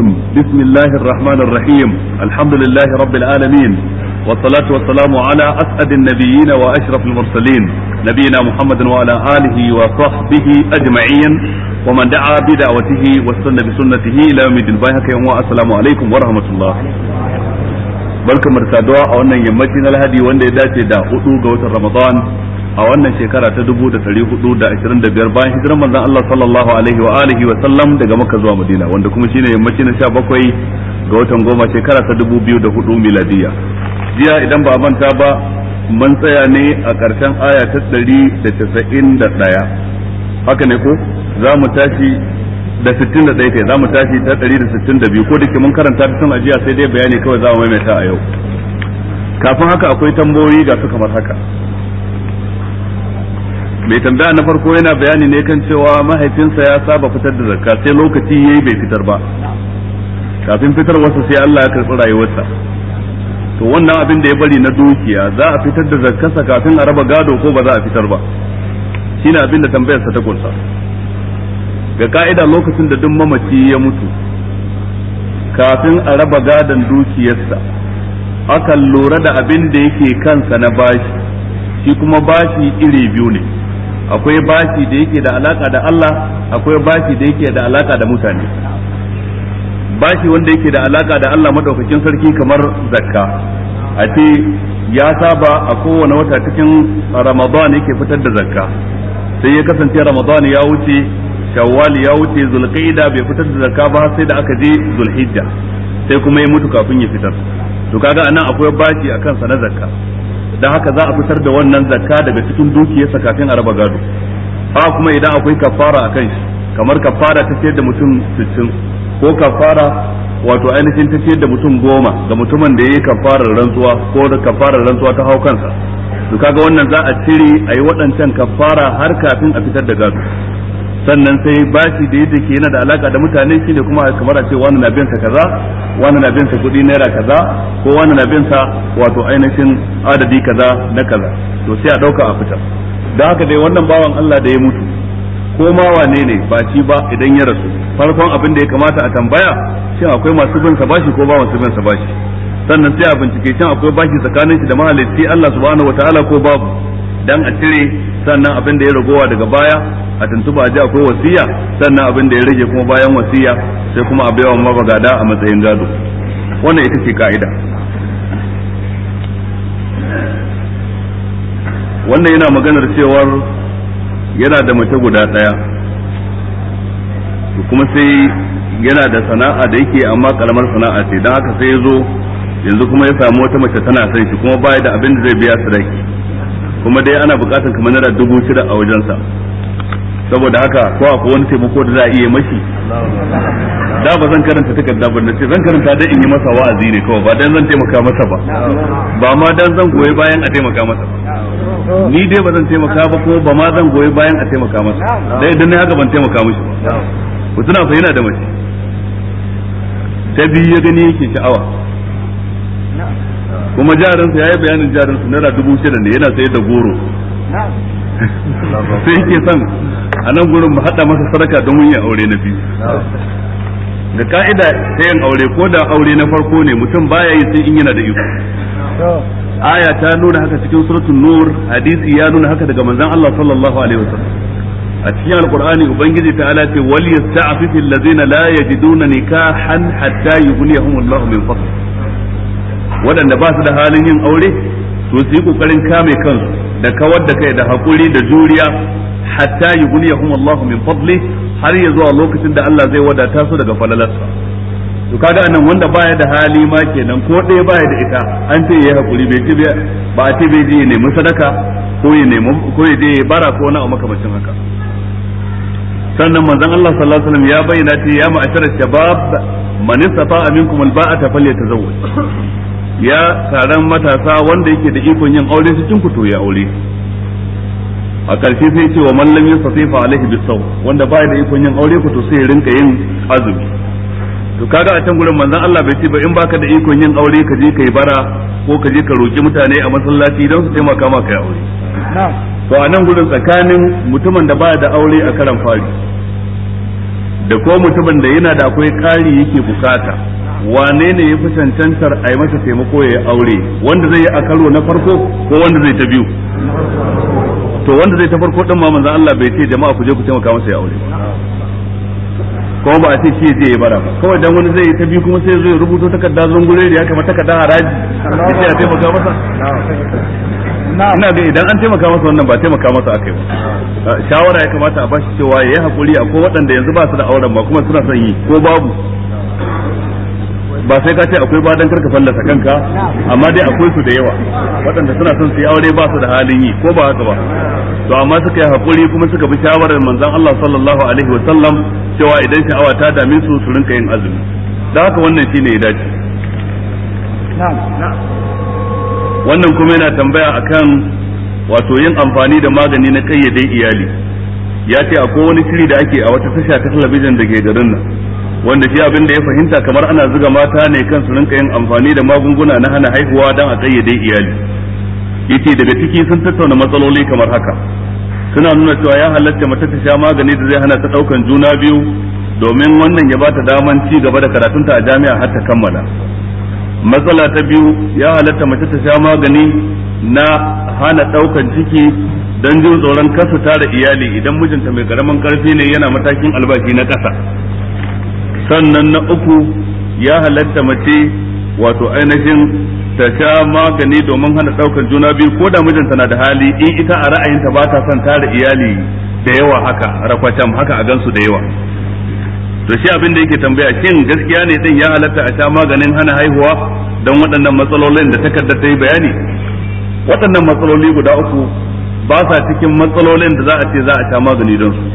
الرجيم بسم الله الرحمن الرحيم الحمد لله رب العالمين والصلاة والسلام على أسعد النبيين وأشرف المرسلين نبينا محمد وعلى آله وصحبه أجمعين ومن دعا بدعوته واستنى بسنته إلى يوم الدين السلام عليكم ورحمة الله barkan mu da saduwa a wannan yammaci na Lahadi رمضان a wannan shekara ta 1425 bayan hijirar manzon Allah sallallahu alaihi wa alihi wa sallam daga Makka zuwa Madina wanda kuma shine yammaci na 17 ga watan goma shekara ta 2004 miladiya jiya idan ba manta ba mun tsaya ne a ƙarshen aya ta 191 haka ne ko za mu tashi da 61 kai za mu tashi ta 162 ko dake mun karanta ta tun ajiya sai dai bayani kawai za mu maimaita a yau kafin haka akwai tambayoyi ga su kamar haka mai tambaya na farko yana bayani ne kan cewa mahaifinsa ya saba fitar da zakka sai lokaci yi bai fitar ba kafin fitar wasu sai Allah ya karɓi rayuwarsa to wannan abin da ya bari na dukiya za a fitar da zakkarsa kafin a raba gado ko ba za a fitar ba shine abin da tambayarsa ta kunsa ga ka'ida lokacin da duk mamaci ya mutu kafin a raba gadon dukiyarsa akan lura da abin da yake kansa na bashi shi kuma bashi iri biyu ne akwai bashi da yake da alaka da Allah akwai bashi da yake da alaka da mutane bashi wanda yake da alaka da Allah madaukakin sarki kamar zakka a ce ya saba a kowane wata cikin ramadan yake fitar da zakka sai ya kasance ramadan ya wuce shawwal ya wuce zulqa'ida bai fitar da zakka ba sai da aka je zulhijja sai kuma ya mutu kafin ya fitar to kaga anan akwai bashi akan kansa na zakka dan haka za a fitar da wannan zakka daga cikin dukiyarsa kafin a raba gado a kuma idan akwai kafara akan shi kamar kafara ta ciyar da mutum 60 ko kafara wato ainihin ta ciyar da mutum goma ga mutumin da ya yi kafarar rantsuwa ko da kafarar rantsuwa ta hau kansa to kaga wannan za a cire a yi waɗancan kafara har kafin a fitar da gado sannan sai bashi da yadda ke yana da alaka da mutane shi ne kuma kamar a ce wani na binsa kaza wani na binsa sa kuɗi naira kaza ko wani na binsa wato ainihin adadi kaza na kaza to sai a dauka a fita da haka dai wannan bawan Allah da ya mutu ko ma wane ne ba shi ba idan ya rasu farkon abin da ya kamata a tambaya shin akwai masu bin sa bashi ko ba masu bin sa bashi sannan sai a bincike shin akwai bashi tsakanin shi da mahalicci Allah subhanahu wataala ko babu dan a cire sannan abin da ya ragowa daga baya a tuntuba a ji akwai wasiya sannan abin da ya rage kuma bayan wasiya sai kuma a baiwa mabagada a matsayin gado wannan ita ce ka'ida wannan yana maganar cewar yana da mace guda ɗaya kuma sai yana da sana'a da yake amma kalamar sana'a ce don haka sai ya zo yanzu kuma ya samu wata mace tana son shi kuma baya da abin da zai biya sadaki kuma dai ana bukatar kamar naira dubu shida a wajensa saboda haka ko akwai wani taimako da za a iya mashi da ba zan karanta kadda ba ce zan karanta dan in yi masa wa'azi ne kawai ba dan zan taimaka masa ba ba ma dan zan goyi bayan a taimaka masa ni dai ba zan taimaka ba ko ba ma zan goyi bayan a taimaka masa dai idan ne haka ban taimaka mishi ba ku tuna fa yana da mace ta biyu ya gani yake sha'awa kuma jarinsa ya yi bayanin jarinsa naira dubu shida ne yana sayar da goro sai yake san a nan gurin mu hada masa sadaka don yin aure na biyu da ka'ida ta yin aure ko da aure na farko ne mutum baya yi sai in yana da iko aya ta nuna haka cikin suratul nur hadisi ya nuna haka daga manzon Allah sallallahu alaihi wasallam a cikin alqur'ani ubangiji ta ala ce wal yasta'fifil ladzina la yajiduna nikahan hatta yughniyahum Allahu min fadlihi waɗanda ba su da halin yin aure to su yi kokarin kame kansu da kawar da kai da hakuri da juriya hatta yughniyahum Allahu min fadli har ya zuwa lokacin da Allah zai wadata su daga falalarsa to kaga anan wanda baya da hali ma kenan ko ɗaya baya da ita an ce yayi hakuri bai ji ba a ce bai ji ya nemi sadaka ko ya nemi ko ya je ya bara ko na makamacin haka sannan manzon Allah sallallahu alaihi wasallam ya bayyana ce ya ma'ashara shabab man istata'a minkum alba'ata falyatazawwaj ya taron matasa wanda yake da ikon yin aure cikin ku ya aure a ƙarshe sai ce wa mallam yin safifa alaihi bisau wanda baya da ikon yin aure ku sai rinka yin azumi to kaga a can gurin manzon Allah bai ce ba in baka da ikon yin aure ka je kai bara ko ka je ka roki mutane a masallaci don su taimaka maka kai aure to a nan gurin tsakanin mutumin da baya da aure a karan fari da ko mutumin da yana da akwai ƙari yake bukata wane ne ya fi cancantar a yi masa taimako ya yi aure wanda zai yi a karo na farko ko wanda zai ta biyu to wanda zai ta farko din ma manzon Allah bai ce jama'a ku je ku taimaka masa ya aure kuma ba a ce shi zai yi bara ba kawai dan wani zai yi ta biyu kuma sai zai rubuto takarda zungure da ya kama takarda haraji sai a taimaka masa ina ga idan an taimaka masa wannan ba taimaka masa akai ba shawara ya kamata a bashi cewa ya yayi hakuri ko waɗanda yanzu ba su da auren ba kuma suna son yi ko babu ba sai ka ce akwai ba dan karka fallasa kanka amma dai akwai su da yawa waɗanda suna son su yi aure ba su da halin yi ko ba haka ba to amma suka yi hakuri kuma suka bi shawarar manzon Allah sallallahu alaihi wa sallam cewa idan sha'awa ta dame su su rinka yin azumi da haka wannan shine ya dace wannan kuma yana tambaya akan wato yin amfani da magani na kayyade iyali ya ce akwai wani shiri da ake a wata tasha ta talabijin da ke garin nan wanda shi abin da ya fahimta kamar ana zuga mata ne kan su rinka yin amfani da magunguna na hana haihuwa don a kayyade iyali yace daga ciki sun tattauna matsaloli kamar haka suna nuna cewa ya halatta mace ta sha magani da zai hana ta daukan juna biyu domin wannan ya bata daman ci gaba da karatunta a jami'a har ta kammala matsala ta biyu ya halatta mace ta sha magani na hana daukan ciki don jin tsoron kasa tara iyali idan mijinta mai karamin karfi ne yana matakin albashi na kasa sannan na uku ya halatta mace wato ainihin ta sha magani domin hana daukar juna biyu ko da mijinta na da hali in ita a ra'ayinta ba ta son tara iyali da yawa haka rakwacan haka a gansu da yawa to shi abin da yake tambaya shin gaskiya ne din ya halatta a sha maganin hana haihuwa don waɗannan matsalolin da takardar ta yi bayani waɗannan matsaloli guda uku ba sa cikin matsalolin da za a ce za a sha magani don su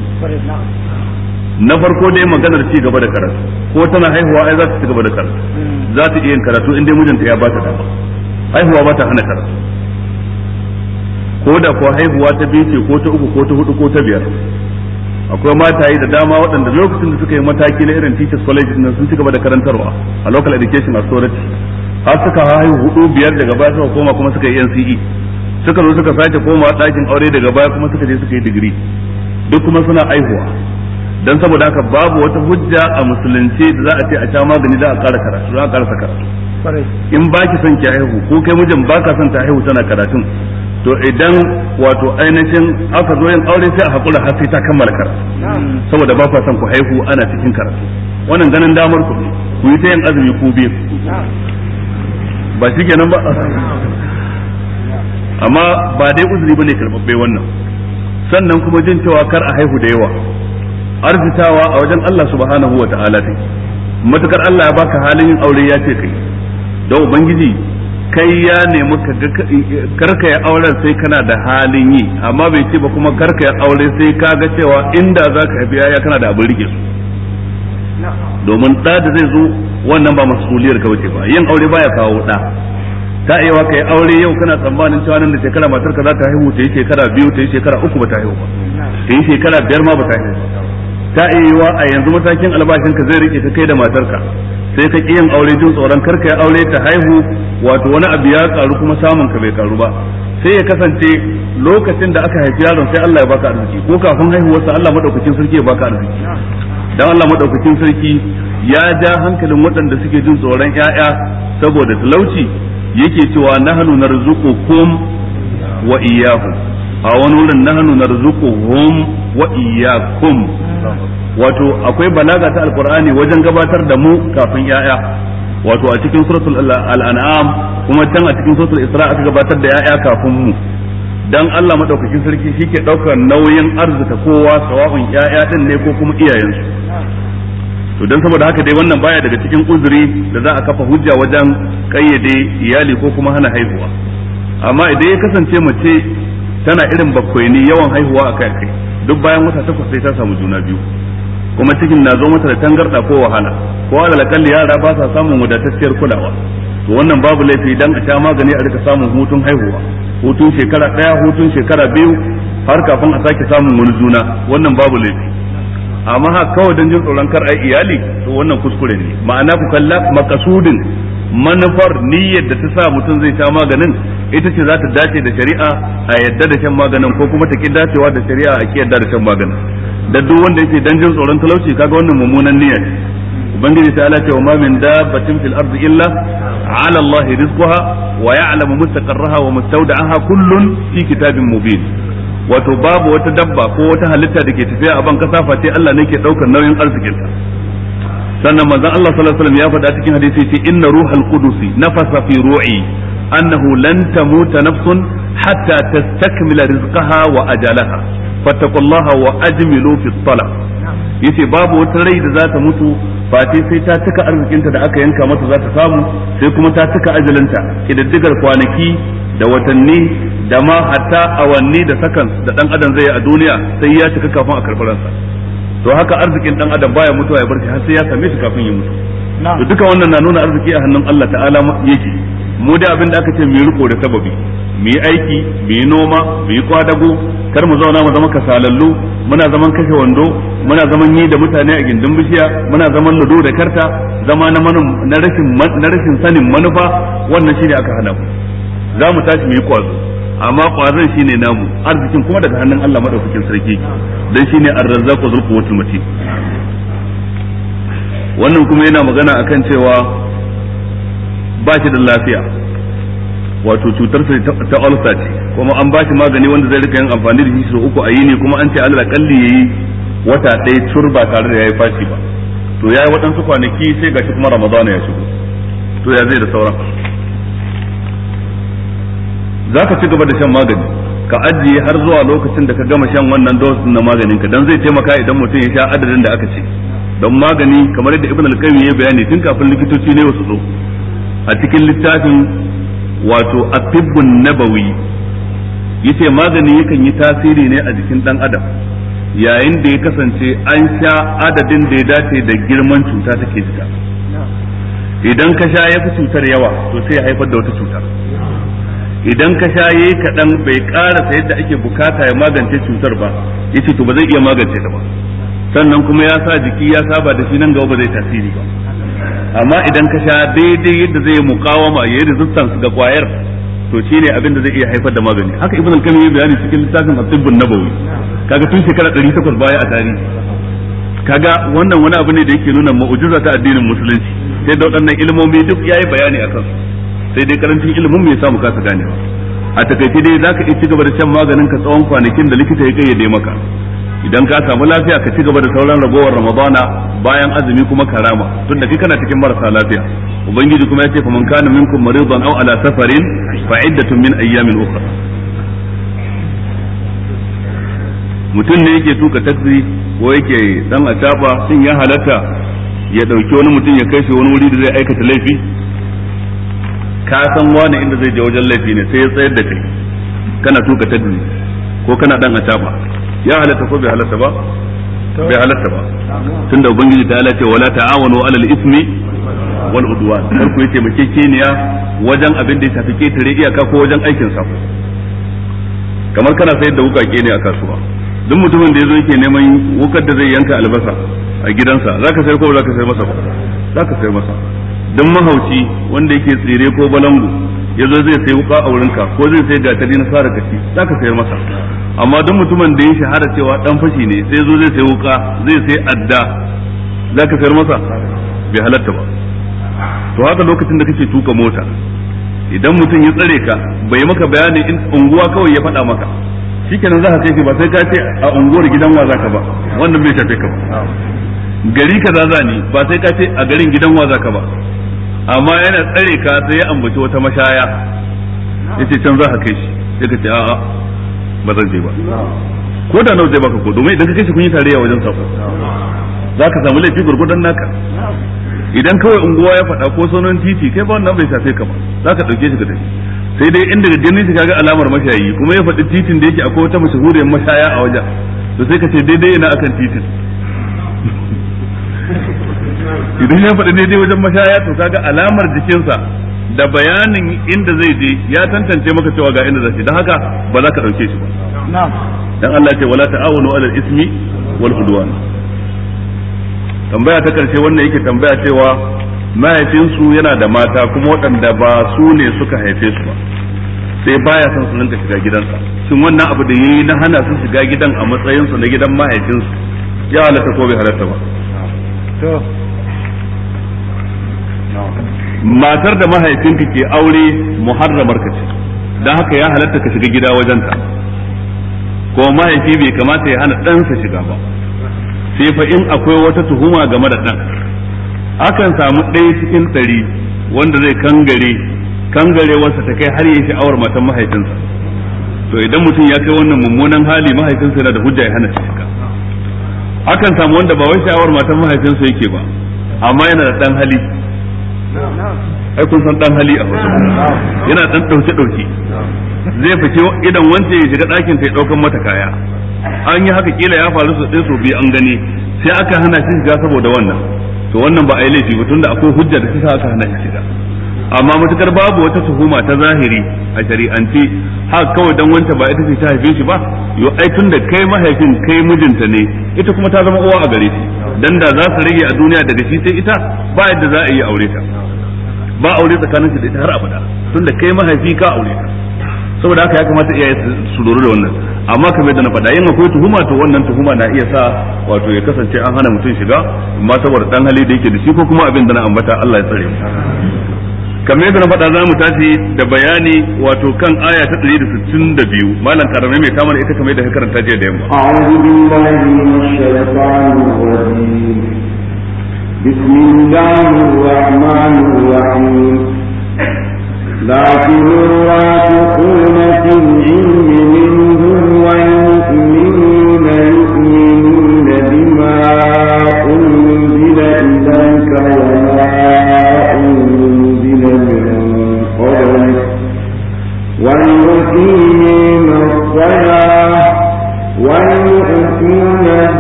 na farko dai maganar ci gaba da karatu ko tana haihuwa ai za ta ci gaba da karatu za ta iya yin karatu in dai mijinta ya ba ta dama haihuwa ba ta hana karatu ko da ko haihuwa ta biyu ce ko ta uku ko ta hudu ko ta biyar akwai yi da dama waɗanda lokacin da suka yi mataki na irin teachers college din sun ci gaba da karantarwa a local education authority har suka haihu hudu biyar daga baya suka koma kuma suka yi NCE suka zo suka sake koma ɗakin aure daga baya kuma suka je suka yi digiri duk kuma suna aihuwa dan saboda haka babu wata hujja a musulunci da za a ce a sha magani za a ƙara karatu za a ƙara saka in ba ki son ki haihu ko kai mijin ba ka son ta haihu tana karatun to idan wato ainihin aka zo yin aure sai a haƙura har sai ta kammala karatu saboda ba ka son ku haihu ana cikin karatu wannan ganin damar ku ne ku yi ta yin azumi ku biyu ba shi kenan ba amma ba dai uzuri bane karɓaɓɓe wannan sannan kuma jin cewa kar a haihu da yawa arzitawa a wajen Allah subhanahu wa ta'ala take matukar Allah ya baka halin yin aure ya ce kai don ubangiji kai ya nemi karka ya aure sai kana da halin yi amma bai ce ba kuma karka ya aure sai ka ga cewa inda za ka haifi ya kana da abin rike su domin da da zai zo wannan ba masuliyar ka wuce ba yin aure baya kawo ɗa ta iya ka yi aure yau kana tsammanin cewa nan da shekara matar ka za ta haihu ta yi shekara biyu ta yi shekara uku ba ta haihu ba ta yi shekara biyar ma ba ta haihu ba ta iya a yanzu matakin albashin ka zai rike ka kai da matarka sai ka yin aure jin tsoron karka ya aure ta haihu wato wani abu ya karu kuma samun ka bai karu ba sai ya kasance lokacin da aka haifi yaron sai Allah ya baka arziki ko kafin haihuwar sa Allah madaukakin sarki ya baka arziki dan Allah madaukakin sarki ya ja hankalin waɗanda suke jin tsoron ƴaƴa saboda talauci yake cewa nahnu narzuqukum wa iyyakum a wani wurin nahnu narzuquhum wa iyyakum wato akwai balaga ta alqur'ani wajen gabatar da mu kafin yaya wato a cikin suratul al'an'am kuma can a cikin suratul isra aka gabatar da yaya kafin mu dan Allah madaukakin sarki shike daukar nauyin arzuta kowa sawa'un yaya din ne ko kuma iyayensu to dan saboda haka dai wannan baya daga cikin uzuri da za a kafa hujja wajen kayyade iyali ko kuma hana haihuwa amma idan ya kasance mace tana irin bakwai ne yawan haihuwa a kai kai duk bayan wata takwas sai ta samu juna biyu kuma cikin na zo mata da tangarda ko wahala ko alal kalli yara ba sa samun wadatacciyar kulawa to wannan babu laifi dan a sha magani a rika samun hutun haihuwa hutun shekara daya hutun shekara biyu har kafin a sake samun wani juna wannan babu laifi amma ha kawai dan jin tsoron kar ai iyali to wannan kuskure ne ma'ana ku kalla makasudin manufar niyyar da ta sa mutum zai sha maganin ita ce za ta dace da shari'a a yadda da shan maganin ko kuma ta ki dacewa da shari'a a ki yadda da shan maganin da duk wanda yake dan jin tsoron talauci kaga wannan mummunan niyya ne ubangiji ta ala cewa ma min dabbatin fil ardi illa ala allahi rizquha wa ya'lamu mustaqarraha wa mustawda'aha kullun fi kitabin mubin wato babu wata dabba ko wata halitta da ke tafiya a ban kasa face Allah ne ke daukar nauyin arzikinta sannan manzon Allah sallallahu alaihi wasallam ya faɗa cikin hadisi ce inna ruhal qudus nafasa fi ru'i annahu lan tamuta nafsun hatta tastakmila rizqaha wa ajalaha fattaqullaha wa ajmilu fi talab yace babu wata rai da za ta mutu ba sai ta cika arzikinta da aka yanka mata za ta samu sai kuma ta cika ajalinta idaddigar kwanaki da watanni da ma hatta awanni da sakan da dan adam zai yi a duniya sai ya cika kafin a karɓaransa to haka arzikin dan adam baya mutuwa ya bar har sai ya same shi kafin ya mutu to duka wannan na nuna arziki a hannun Allah ta'ala yake mu da abin da aka ce mu riko da sababi mu yi aiki mu yi noma mu yi kwadago kar mu zauna mu zama kasalallu muna zaman kashe wando muna zaman yi da mutane a gindin bishiya muna zaman ludo da karta zama na na rashin na rashin sanin manufa wannan shine aka hana mu za mu tashi mu yi kwazo amma shi ne namu arzikin kuma daga hannun Allah madaukakin sarki dan shine ar-razzaqu dhul wa matin wannan kuma yana magana akan cewa ba shi da lafiya wato cutar ta ulcer ce kuma an ba shi magani wanda zai rika yin amfani da shi sau uku a yini kuma an ce Allah kalli yayi wata ɗaya turba tare da yayi fashi ba to yayi waɗansu kwanaki sai shi kuma Ramadana ya shigo to ya zai da sauran za ka ci gaba da shan magani ka ajiye har zuwa lokacin da ka gama shan wannan dosin na maganin ka dan zai taimaka idan mutum ya sha adadin da aka ce don magani kamar yadda ibn al-qayyim ya bayani tun kafin likitoci ne wasu zo a cikin littafin wato atibbun nabawi yace magani yakan yi tasiri ne a jikin dan adam yayin da ya kasance an sha adadin da ya dace da girman cuta take jika idan ka sha ya fi cutar yawa to sai ya haifar da wata cuta idan ka sha kaɗan bai ƙarasa yadda ake bukata ya magance cutar ba yace to ba zai iya magance ta ba sannan kuma ya sa jiki ya saba da shi nan gaba ba zai tasiri ba amma idan ka sha daidai yadda zai muqawama yayi resistance ga kwayar to ne abin da zai iya haifar da magani haka ibn al-qayyim ya bayani cikin littafin at-tibbun nabawi kaga tun shekara takwas baya a tarihi kaga wannan wani abu ne da yake nuna mu'jiza ta addinin musulunci sai da waɗannan ilmomi duk yayi bayani akan sai dai karancin ilimin mu ya samu kasa ganewa a takaice dai zaka iya ci gaba da shan maganin ka tsawon kwanakin da likita ya kayyade maka idan ka samu lafiya ka ci gaba da sauran ragowar ramadana bayan azumi kuma karama da kai kana cikin marasa lafiya ubangiji kuma ya ce faman kana minkum maridan aw ala safarin fa iddatun min ayyamin ukhra mutum ne yake tuka taxi ko yake dan ataba shin ya halatta ya dauki wani mutum ya kai shi wani wuri da zai aikata laifi ka san wani inda zai je wajen laifi ne sai ya tsayar da kai kana tuka ta ko kana dan acaba ya halatta ko bai halatta ba bai halatta ba tunda ubangiji ta halatta wala ta'awanu alal ismi wal udwan kar ku yace makekeniya wajen abin da ya shafi ketare iyaka ko wajen aikin sa kamar kana sayar da wukake ne a kasuwa duk mutumin da yazo yake neman wukar da zai yanka albasa a gidansa zaka sayar ko zaka sayar masa ba zaka sayar masa dan mahauci wanda yake tsire ko balangu yazo zai sai wuka a wurinka ko zai sai gatari na sara kashi zaka sayar masa amma dan mutumin da ya shahara cewa dan fashi ne sai zo zai sai wuka zai sai adda zaka sayar masa bai halatta ba to haka lokacin da kake tuka mota idan mutum ya tsare ka bai maka bayani in unguwa kawai ya faɗa maka shikenan za ka kai ba sai ka ce a unguwar gidan wa zaka ba wannan bai shafe ka ba gari kaza za ni ba sai ka ce a garin gidan wa ka ba amma yana tsare ka sai ya ambaci wata mashaya yace can za ka kai shi sai ka ce a'a ba zan je ba ko da nawa zai baka ko domin idan ka kai shi kun yi tarayya wajen sako za ka samu laifi gurgudan naka idan kawai unguwa ya faɗa ko sonon titi kai ba wannan bai shafe ka ba za ka ɗauke shi ka tafi sai dai inda da ganin shi kaga alamar mashayi kuma ya faɗi titin da yake akwai wata mashahuriyar mashaya a wajen to sai ka ce daidai yana akan titin idan ya faɗi daidai wajen mashaya to kaga alamar jikinsa da bayanin inda zai je ya tantance maka cewa ga inda zai dan haka ba za ka ɗauke shi ba dan Allah ce wala ta'awunu alal ismi wal udwan tambaya ta karshe wannan yake tambaya cewa mahaifinsu yana da mata kuma waɗanda ba su ne suka haife su ba sai baya son su rinka shiga gidansa shin wannan abu da yayi na hana su shiga gidan a matsayinsu na gidan mahaifinsu ya halatta ko bai halatta ba matar da mahaifinka ke aure muharramar ka ce don haka ya halatta ka shiga gida wajenta ko mahaifi bai kamata ya hana ɗansa shiga ba sai fa in akwai wata tuhuma game da ɗan akan samu ɗaya cikin ɗari wanda zai kangare wasa ta kai har yi awar matan mahaifinsa to idan mutum ya kai wannan mummunan hali mahaifinsa yana da hujja ya hana shiga akan samu wanda ba wai sha'awar matan mahaifinsa yake ba amma yana da ɗan hali ai kun san dan hali a hausa yana dan dauke dauke zai fice idan wance ya shiga ɗakin ta ya daukan mata kaya an yi haka kila ya faru su ɗaya su biyu an gani sai aka hana shi shiga saboda wannan to wannan ba a yi laifi ba tunda akwai hujja da kisa aka hana shi shiga amma matukar babu wata tuhuma ta zahiri a shari'anci haka kawai dan wanta ba ita ce ta haife shi ba yo ai tun da kai mahaifin kai mijinta ne ita kuma ta zama uwa a gare shi dan da za su rage a duniya daga shi sai ita ba yadda za a yi aure ta ba aure tsakanin shi da ita har abada tun da kai mahaifi ka aure ta saboda haka ya kamata iyaye su lura da wannan amma kamar da na faɗa yin akwai tuhuma to wannan tuhuma na iya sa wato ya kasance an hana mutum shiga amma saboda dan hali da yake da shi ko kuma abin da na ambata Allah ya tsare mu kamar yadda na faɗa za mu tashi da bayani wato kan aya ta 162 malam karamai mai kama da ita kamar yadda ka karanta jiya da yamma a'udhu billahi minash shaitanir rajim bismillahir rahmanir rahim لكن الراسخون في العلم منهم والمؤمنون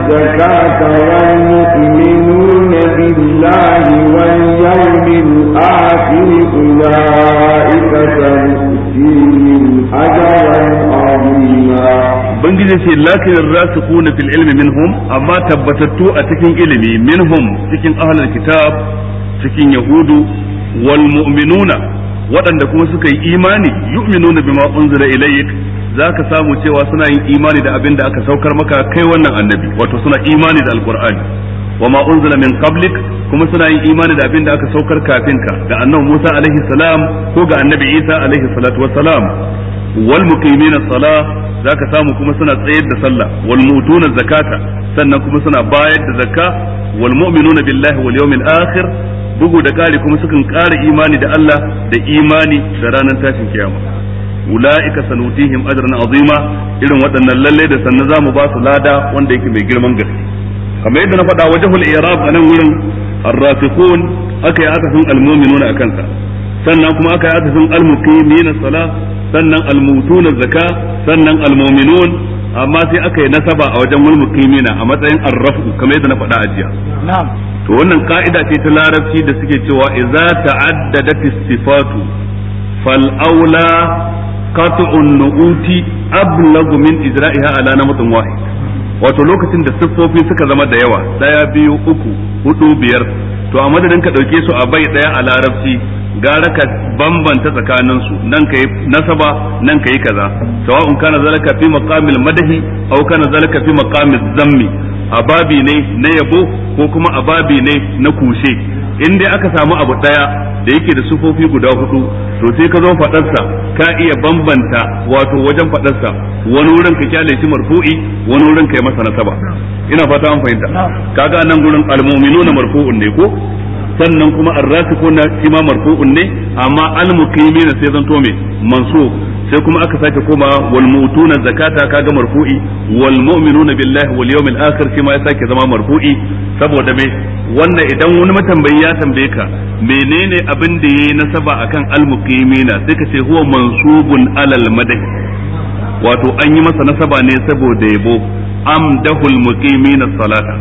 الزكاة والمؤمنون بالله واليوم الآخر أولئك سنؤتيهم أجرا عظيما Ubangiji ce lakin rasikuna fil ilmi minhum amma tabbatattu a cikin ilimi minhum cikin ahlul kitab cikin yahudu wal mu'minuna waɗanda kuma suka yi imani yu'minuna bima unzila ilayk za ka samu cewa suna yin imani da abin da aka saukar maka kai wannan annabi wato suna imani da alkur'ani wa ma unzila min qablik kuma suna yin imani da abin da aka saukar kafin ka ga annabi Musa alaihi salam ko ga annabi Isa alaihi salatu wassalam wal muqimina salah zaka samu kuma suna tsayar da sallah wal mutuna zakata sannan kuma suna bayar da zakka wal mu'minuna billahi wal yawmil akhir bugu da kare kuma sukan kara imani da Allah da imani da ranar tashin kiyama ulaika sanutihim ajran azima irin waɗannan lalle da za mu ba su lada wanda yake mai girman gaske kamar yadda na faɗa wajhul i'rab anan wurin arrafiqun aka yi akasin almu'minuna akan sannan kuma aka yi akasin almuqimina sala sannan almutuna zaka sannan almu'minun amma sai aka nasaba a wajen mulmukimina a matsayin arrafu kamar yadda na faɗa a jiya na'am to wannan ka'ida ce ta larabci da suke cewa idza ta'addadat istifatu fal aula qat'un nu'uti ablagu min izra'iha ala namtin wahid wato lokacin da siffofi suka zama da yawa daya biyu uku hudu biyar to a madadin ka dauke su a bai daya a larabci gara ka bambanta tsakanin su nan ka yi nasaba nan ka yi kaza sawa'un kana zalaka fi maqamil madahi aw kana zalaka fi maqamiz zammi ababi ne na yabo ko kuma ababi ne na kushe in dai aka samu abu daya da yake da siffofi guda hudu to sai ka zo fadarsa ka iya bambanta wato wajen fadarsa wani wurin ka kyale shi marfu'i wani wurin ka yi masa nasaba ina fata an fahimta kaga nan gurin almu'minuna marfu'un ne ko sannan kuma arrasikuna kima na marfu'un ne amma al sai zan me mansu sai kuma aka sake koma wal mutuna zakata ga marfu'i wal mu'minuna billahi wal yawmil akhir kima ya sake zama marfu'i saboda me wannan idan wani matambayi ya tambaye ka menene abin da yayi nasaba akan al sai ka ce huwa mansubun alal madai wato an yi masa nasaba ne saboda yabo amdahul muqimin as-salata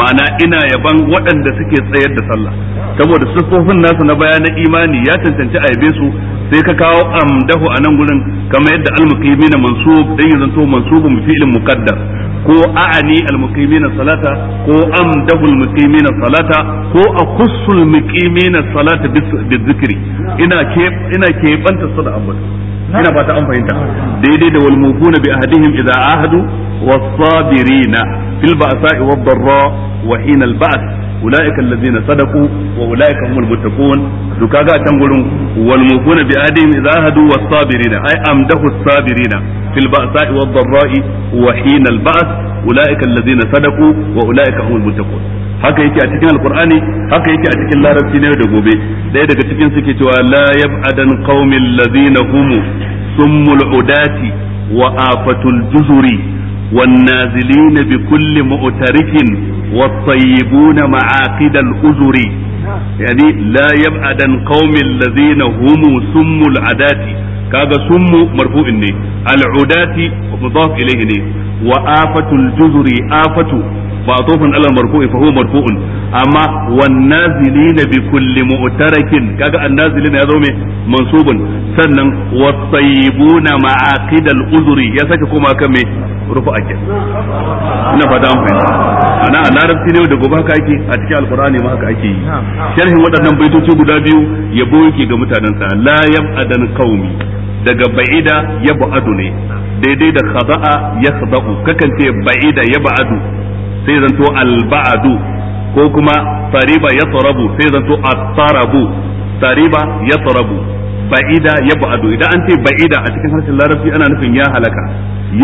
ma'ana ina yaban waɗanda suke tsayar da sallah saboda sufofin nasu na baya na imani ya cancanci a yabe su sai ka kawo amdahu a nan gurin kamar yadda al-muqimin mansub dan yanzu to mansubun fi'lin muqaddar ko a'ani almukimina salata ko amdahul muqimina salata ko akhussul muqimina salata bizikri ina ke ina ke banta su ina ba ta an fahimta daidai da wal mufuna bi ahadihim idza ahadu was sabirina fil ba'sa'i wad darra wa hina al ba'th ulaika allazina sadaqu wa ulaika humul muttaqun to kaga a can gurin wal mufuna bi adim idza hadu was sabirina ay amdahu sabirina fil ba'sa'i wad dharra'i wa wa haka yake a cikin alqur'ani haka yake a cikin larabci ne da gobe daya daga cikin suke cewa la yab'adan qaumil ladzina humu summul udati wa afatul juzuri bi kulli مؤترك والطيبون معاقد الأزر يعني لا يبعد قوم الذين هم سم العداة kaga summu marfu'in ne al'udati mudaf ilayhi ne wa afatul juzri afatu ba tofin alal marfu'i fa huwa marfu'un amma wan nazilina bi kulli mu'tarakin kaga an nazilina ya zo me mansubun sannan wasayibuna ma'aqidal uzri ya saka kuma kan me rufu ake ina ba da amfani ana a larabci ne da gobe haka ake a cikin alkurani ma aka ake yi sharhin waɗannan baitoci guda biyu yabo yake ga mutanen sa la yam adan qaumi daga ba'ida ya ba'adu ne daidai da khada'a ya khada'u kakan ce ba'ida ya ba'adu sai zanto alba'adu ko kuma tariba ya tarabu sai zanto at-tarabu tariba ya tarabu ba'ida ya ba'adu idan an ce ba'ida a cikin harshen larabci ana nufin ya halaka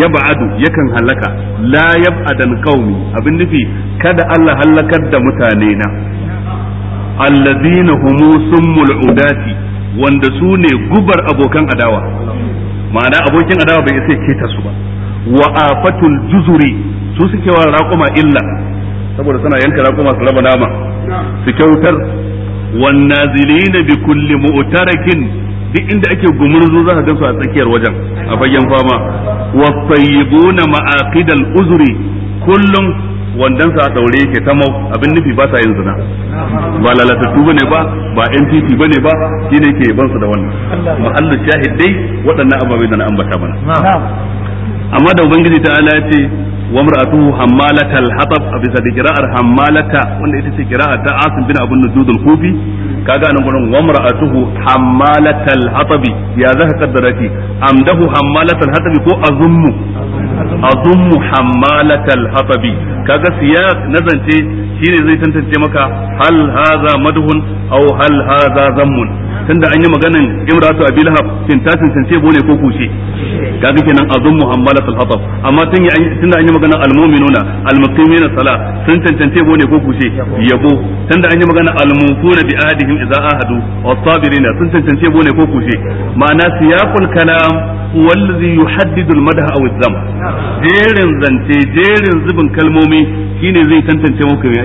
ya ba'adu yakan halaka la yab'adan qaumi abin nufi kada Allah halakar da mutane na allazina humu summul udati wanda su ne gubar abokan adawa ma'ana abokin adawa bai isa keta su ba wa afatul juzuri su suke wa raquma illa saboda suna yanka raquma su raba nama su kyautar wan nazilina bi kulli mu'tarakin duk inda ake gumurzu za ka su a tsakiyar wajen a fagen fama wa tayyibuna ma'aqidal uzuri kullum wandansa a daure yake ta mau abin nufi ba sa yin zina ba lalatattu bane ba ba NPP bane ba shine yake ban su da wannan mahallu shahidai waɗannan ababai da na ambata mana amma da ubangiji ta ala ce wa mar'atuhu hammalatal hatab a bisa da kira'ar hammalata wanda ita ce kira'a ta asim bin abun nuzudul kufi kaga nan gurin wa mar'atuhu hammalatal hatabi ya zaka kaddara ki amdahu hammalatal hatabi ko azummu azummu hammalatal hatabi kaga siyak na zance shine zai tantance maka hal haza madhun aw hal haza zammun tunda an yi maganan imratu abilhab shin ta tantance bone ko kushe kaga kenan azum muhammalat al-hatab amma tun tunda an yi maganan al-mu'minuna al-muqimina sala sun tantance bone ko kushe yabo tunda an yi maganan al-mufuna bi ahdihim idza ahadu was-sabirina sun tantance bone ko kushe ma'ana siyaqul kalam huwa alladhi yuhaddidu al-madha aw az-zam jerin zance jerin zubin kalmomi shine zai tantance maka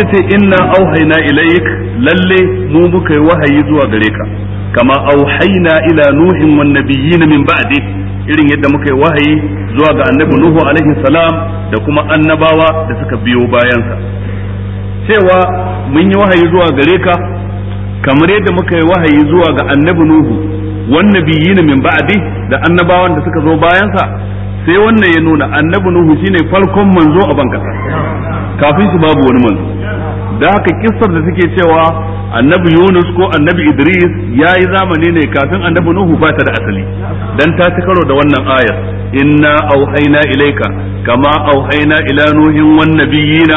ta ce inna auhayna ilayk lalle mu muka yi wahayi zuwa gare ka kama auhayna ila nuhin wan nabiyina min ba'di irin yadda muka yi wahayi zuwa ga annabi nuhu alaihi salam da kuma annabawa da suka biyo bayansa cewa mun yi wahayi zuwa gare ka kamar yadda muka yi wahayi zuwa ga annabi nuhu wan nabiyina min ba'di da annabawan da suka zo bayansa sai wannan ya nuna annabi nuhu shine farkon manzo a bankasa kafin su babu wani manzo da haka kissar da suke cewa annabi Yunus ko annabi Idris ya yi zamani ne kafin annabi Nuhu ba ta da asali dan ta ci karo da wannan ayar inna auhayna ilaika kama auhayna ila nuhin wan nabiyina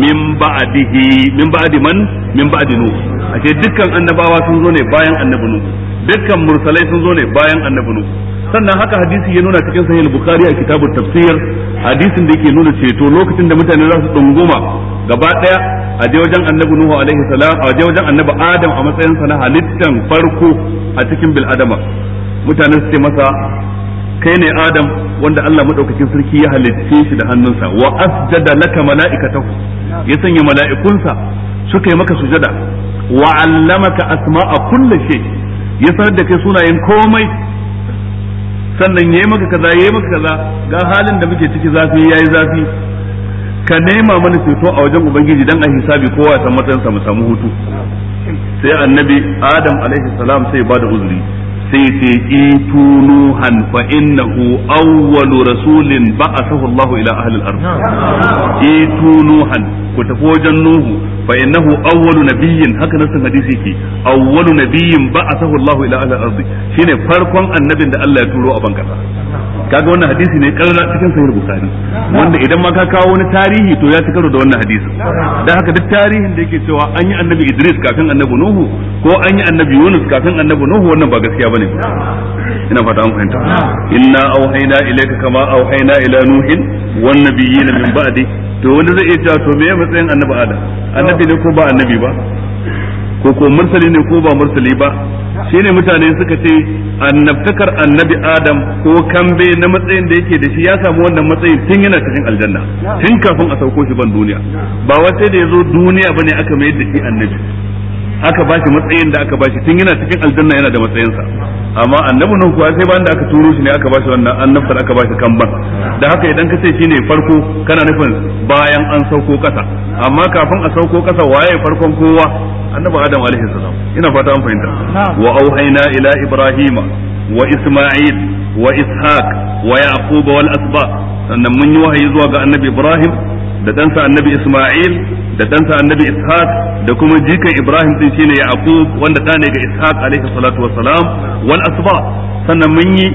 min ba'dihi min ba'di man min ba'di nuh Ake dukkan annabawa sun zo ne bayan annabi Nuhu dukkan mursalai sun zo ne bayan annabi Nuhu sannan haka hadisi ya nuna cikin sahih bukhari a kitabut tafsir hadisin da yake nuna ceto lokacin da mutane za su dunguma gaba daya a je wajen annabi nuhu alaihi salam a je wajen annabi adam a matsayin sa na halittan farko a cikin bil adama mutane su ce masa kai ne adam wanda Allah madaukakin sarki ya halitte shi da hannunsa wa asjada laka mala'ikatahu ya sanya mala'ikunsa suka yi maka sujada wa allamaka asma'a kulli shay ya sanar da kai sunayen komai sannan yayi maka kaza yayi maka kaza ga halin da muke ciki zafi yayi zafi ka nema mana ceto a wajen ubangiji dan a hisabi kowa ya san matsayin mu samu hutu sai annabi adam alaihi salam sai ba da uzuri sai ce itu nuhan fa innahu awwalu rasulin ba ba'athahu Allahu ila ahli al-ard itu nuhan ku tafi wajen nuhu fa innahu awwalu nabiyyin haka nasan hadisi yake awwalu nabiyyin ba'athahu Allahu ila ahli al-ard shine farkon annabin da Allah ya turo a bankasa kaga wannan hadisi ne karra cikin sahih bukhari wanda idan ma ka kawo wani tarihi to ya ci karo da wannan hadisi dan haka duk tarihin da yake cewa an yi annabi Idris kafin annabi Nuhu ko an yi annabi Yunus kafin annabi Nuhu wannan ba gaskiya ba bane ina fata an fahimta inna auhayna ilayka kama auhayna ila nuhin wan nabiyina min ba'di to wanda zai iya to me matsayin annabi adam annabi ne ko ba annabi ba ko ko mursali ne ko ba mursali ba shine mutane suka ce annabtakar annabi adam ko kambe na matsayin da yake da shi ya samu wannan matsayin tun yana cikin aljanna tun kafin a sauko shi ban duniya ba wata da yazo duniya bane aka mai da shi annabi aka bashi matsayin da aka bashi tun yana cikin aljanna yana da matsayinsa amma annabi nan kuwa sai bayan da aka turo shi ne aka bashi wannan annabta aka bashi kamban da haka idan ka ce shine farko kana nufin bayan an sauko kasa amma kafin a sauko kasa waye farkon kowa annabi adam alaihi salam ina fata an fahimta wa auhayna ila ibrahima wa isma'il wa ishaq wa yaqub wal asbaq sannan mun yi wahayi zuwa ga annabi ibrahim da ɗansa annabi Ismail da ɗansa annabi Ishaq da kuma jikan Ibrahim din shine Yaqub wanda ɗa ne ga Ishaq alaihi salatu wassalam wal asba sannan mun yi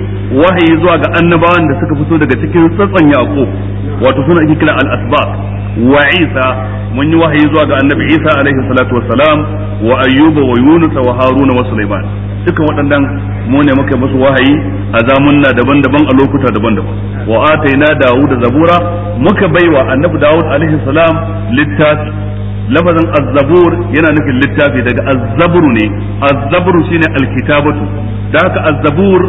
wahayi zuwa ga annabawan da suka fito daga cikin tsatsan Yaqub wato suna ake kira al asba wa Isa mun yi wahayi zuwa ga annabi Isa alaihi salatu wassalam wa Ayyuba wa Yunus wa Haruna wa Sulaiman dukan waɗannan mu ne muka musu wahayi a zamunna daban-daban a lokuta daban-daban wa ataina dawud zabura muka baiwa annabi dawud alaihi salam littafi lafazin az-zabur yana nufin littafi daga az-zabru ne az-zabru shine al-kitabatu da haka az-zabur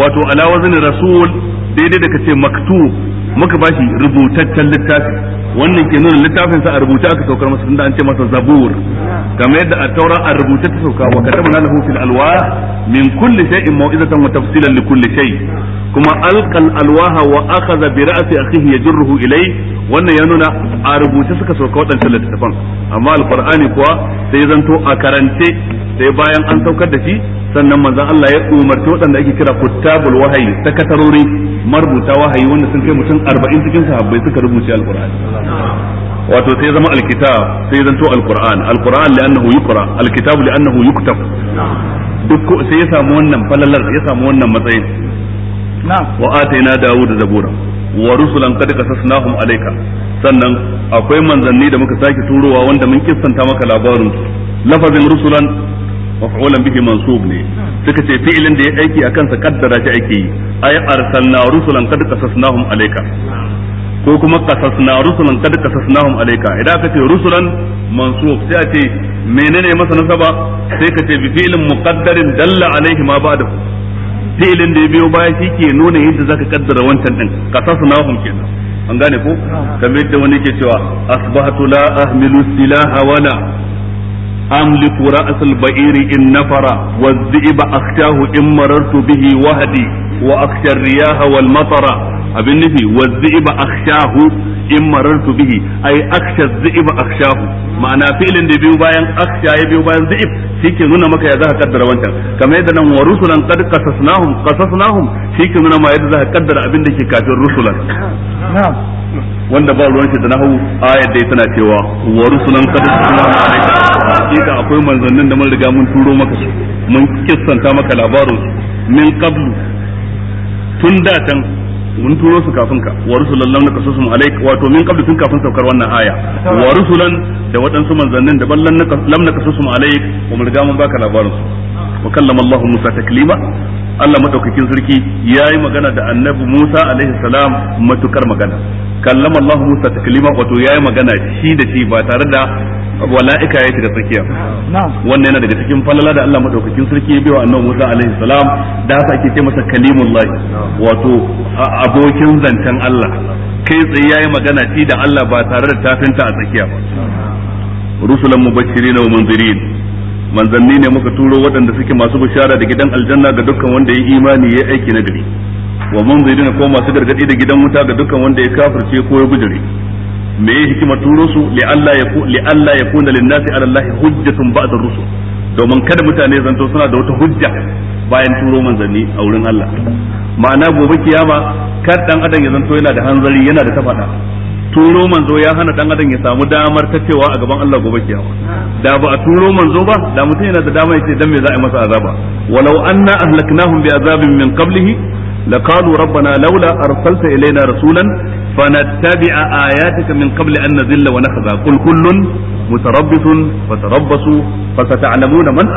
wato ala wazn rasul daidai da kace maktub muka bashi rubutaccen littafi wannan ke nuna littafin sa a rubuce aka saukar masa tunda an ce masa zabur kamar yadda a taura a rubuce ta sauka wa katabna lahu fil alwah min kulli shay'in mau'izatan wa tafsilan li kulli shay kuma alqal alwaha wa akhadha bi ra'si akhihi yajruhu ilay wannan ya nuna a rubuce suka sauka waɗancan littafan amma alqur'ani kuwa sai zanto a karance sai bayan an saukar da shi sannan manzon Allah ya umarci waɗanda ake kira kuttabul wahayi sakatarori marubuta wahayi wanda sun kai mutum 40 cikin sahabbai suka rubuce alqur'ani wato sai zama alkitab sai zanto alquran alquran li'annahu yuqra alkitab li'annahu yuktab duk sai ya samu wannan falalar ya samu wannan matsayin wa ataina dawud zabura wa rusulan qad qasasnahum alayka sannan akwai manzanni da muka sake turowa wanda mun kissanta maka labarin lafazin rusulan maf'ulan bihi mansub ne suka ce fi'ilin da ya aiki akan sa kaddara shi ake yi ay arsalna rusulan qad qasasnahum alayka ko kuma qasasna rusulan kad qasasnahum alayka idan aka ce rusulan mansub sai a ce menene masa nasaba sai ka ce bi fi'lin muqaddarin dalla alayhi ma ba'dahu fi'lin da ya biyo baya shi ke nuna yadda zaka kaddara wancan din qasasnahum kenan an gane ko kamar yadda wani ke cewa asbahatu la ahmilu silaha wala amliku ra'sal ba'iri in nafara wa dhi'ba akhtahu in marartu bihi wahdi wa akhsha riyaha wal matara abin nufi wa dhi'ba akhshahu in marartu bihi ay akhsha dhi'ba akhshahu ma'ana fi'ilin da biyu bayan akhsha biyu bayan dhi'b shike nuna maka ya za wancan kamar yadda nan wa rusulan qad qasasnahum qasasnahum shike nuna yadda za ka kaddara abin da ke kafin rusulan na'am wanda ba ruwan shi da nahu ayat dai tana cewa wa rusulan qad qasasnahum alayka hakika akwai manzannin da mun riga mun turo maka su mun kissanta maka labarin min qablu tun da can mun turo su kafin ka wa rusulan lam naqasusum alaik wato min qabl tun kafin saukar wannan aya wa rusulan da waɗansu manzannin da ballan lam naqasusum alaik wa mun riga mun baka labarin su wa kallama Allah Musa taklima Allah madaukakin sarki yayi magana da annabi Musa alaihi salam matukar magana kallama Allah Musa taklima wato yayi magana shi da shi ba tare da wala'ika ya shiga tsakiya wannan yana daga cikin falala da Allah madaukakin sarki ya baiwa annabi Musa alaihi salam da haka ake ce masa kalimullahi wato abokin zancen Allah kai tsaye yayi magana shi da Allah ba tare da tafinta a tsakiya ba rusulan mubashirin wa munzirin manzanni ne muka turo waɗanda suke masu bishara da gidan aljanna ga dukkan wanda ya imani ya aiki na gari wa munzirina ko masu gargadi da gidan wuta ga dukkan wanda ya kafirce ko ya bujire me ya hikima turo su li Allah ya ku li Allah ya kuna lin nasi ala Allah hujjatun ba'da rusul domin kada mutane zanto suna da wata hujja bayan turo manzanni a wurin Allah ma'ana gobe kiyama kar dan adam ya zanto yana da hanzari yana da tafada turo manzo ya hana dan adam ya samu damar ta cewa a gaban Allah gobe kiyama da ba a turo manzo ba da mutum yana da dama ya ce dan me za a yi masa azaba walau anna ahlaknahum bi azabin min qablihi laqalu rabbana laula arsalta ilaina rasulan fanattabi'a ayataka min qabli an nazilla wa nakhza qul kullun mutarabbisun fatarabbasu fasata'lamuna man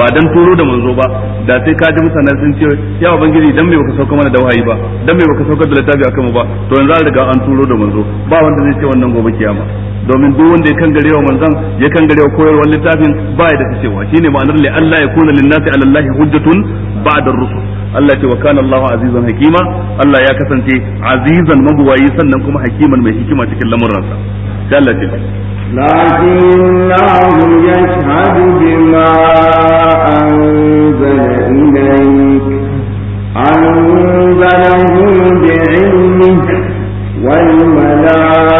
ba dan turo da manzo ba da sai ka ji mutanen sun ce ya ubangiji dan me baka sauka mana da wahayi ba dan me baka sauka da littafi akan ba to yanzu an an turo da manzo ba wanda zai ce wannan gobe kiyama domin duk wanda ya kangare wa manzon ya kangare wa koyarwar littafin ba ya da cewa shine ma'anar li Allah ya kuna linnasi ala Allah hujjatun ba'da rusul Allah ce wa kana Allahu azizan hakima Allah ya kasance azizan mabuwayi sannan kuma hakiman mai hikima cikin lamuransa sai Allah ce lakinnahu yashhadu bima anzala ilayk wal malaa'ikatu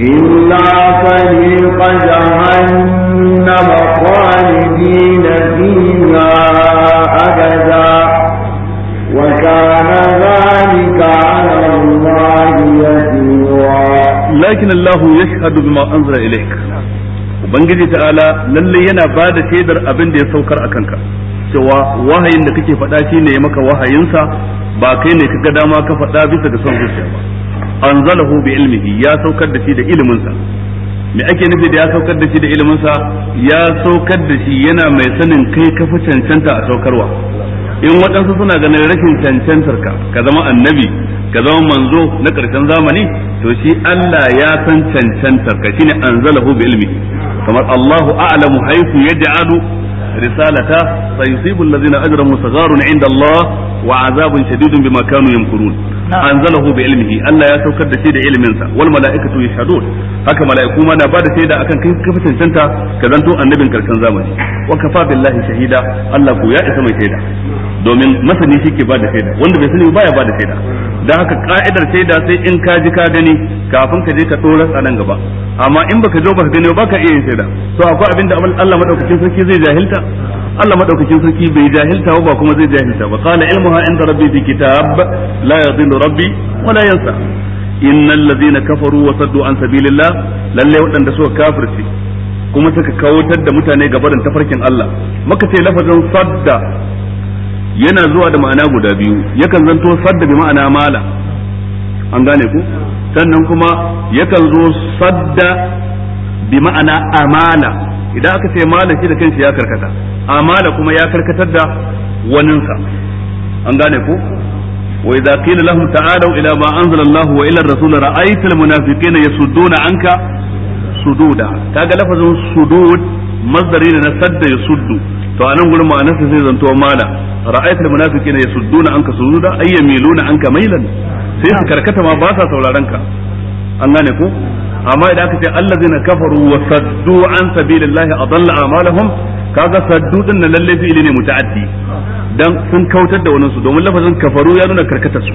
إلا فريق جهنم خالدين فيها أبدا وكان ذلك على الله يسيرا لكن الله يشهد بما أنزل إليك Ubangiji ta'ala lalle yana ba da shaidar abin da ya saukar a kanka cewa wahayin da kake faɗa shi ne maka wahayinsa ba kai ne kaga dama ka faɗa bisa ga son zuciya ba anzalahu bi ilmihi ya saukar da shi da iliminsa me ake nufi da ya saukar da shi da iliminsa ya saukar da shi yana mai sanin kai ka fi cancanta a saukarwa in waɗansu suna ganin rashin cancantar ka ka zama annabi ka zama manzo na ƙarshen zamani to shi Allah ya san cancantar ka shine anzalahu bi ilmihi kamar Allahu a'lamu haythu yaj'alu risalata sayusibu allazina ajramu sagarun inda Allah wa azabun shadidun bima kanu yamkurun anzalahu bi ilmihi Allah ya saukar da shi da ilimin sa wal malaikatu yashhadun haka malaiku ma na da shaida akan kai kafa cancanta ka zanto annabin karshen zamani wa kafa billahi shahida Allah ko ya isa mai shaida domin masani shi ke bada shaida wanda bai sani baya bada shaida da haka ka'idar sai da sai in ka ji ka gani kafin ka je ka tsoras a nan gaba amma in baka zo baka gani baka iya yin shaida to akwai abinda da Allah madaukakin sarki zai jahilta Allah madaukakin sarki bai jahilta ba kuma zai jahilta ba qala ilmuha inda rabbi fi kitab la yadhillu rabbi wa la yansa innal ladhina kafaru wa saddu an sabilillah lalle waɗanda suka kafirci kuma suka kawotar da mutane gabarin tafarkin Allah maka ce lafazin sadda yana zuwa da ma'ana guda biyu yakan zanto sadda bi ma'ana mala an gane ku sannan kuma yakan zo sadda bi ma'ana amala idan aka ce mala shi da kanshi ya karkata amala kuma ya karkatar da waninsa an gane ku wa idza qila lahum ta'alu ila ma anzala Allah wa ila ar-rasul ra'aytal munafiqina yasudduna anka sududa kaga lafazin sudud masdari ne na sadda yasuddu to anan gurin ma'anarsa sai zanto mala ra'ayt al munafiqina yasudduna anka sududa ay yamiluna anka mailan sai su karkata ma ba sa sauraron ka an gane ko amma idan aka ce allazina kafaru wa saddu an sabilillahi adalla a'malahum kaga saddu din na lalle fi'ili ne muta'addi dan sun kautar da wani su domin lafazin kafaru ya nuna karkatar su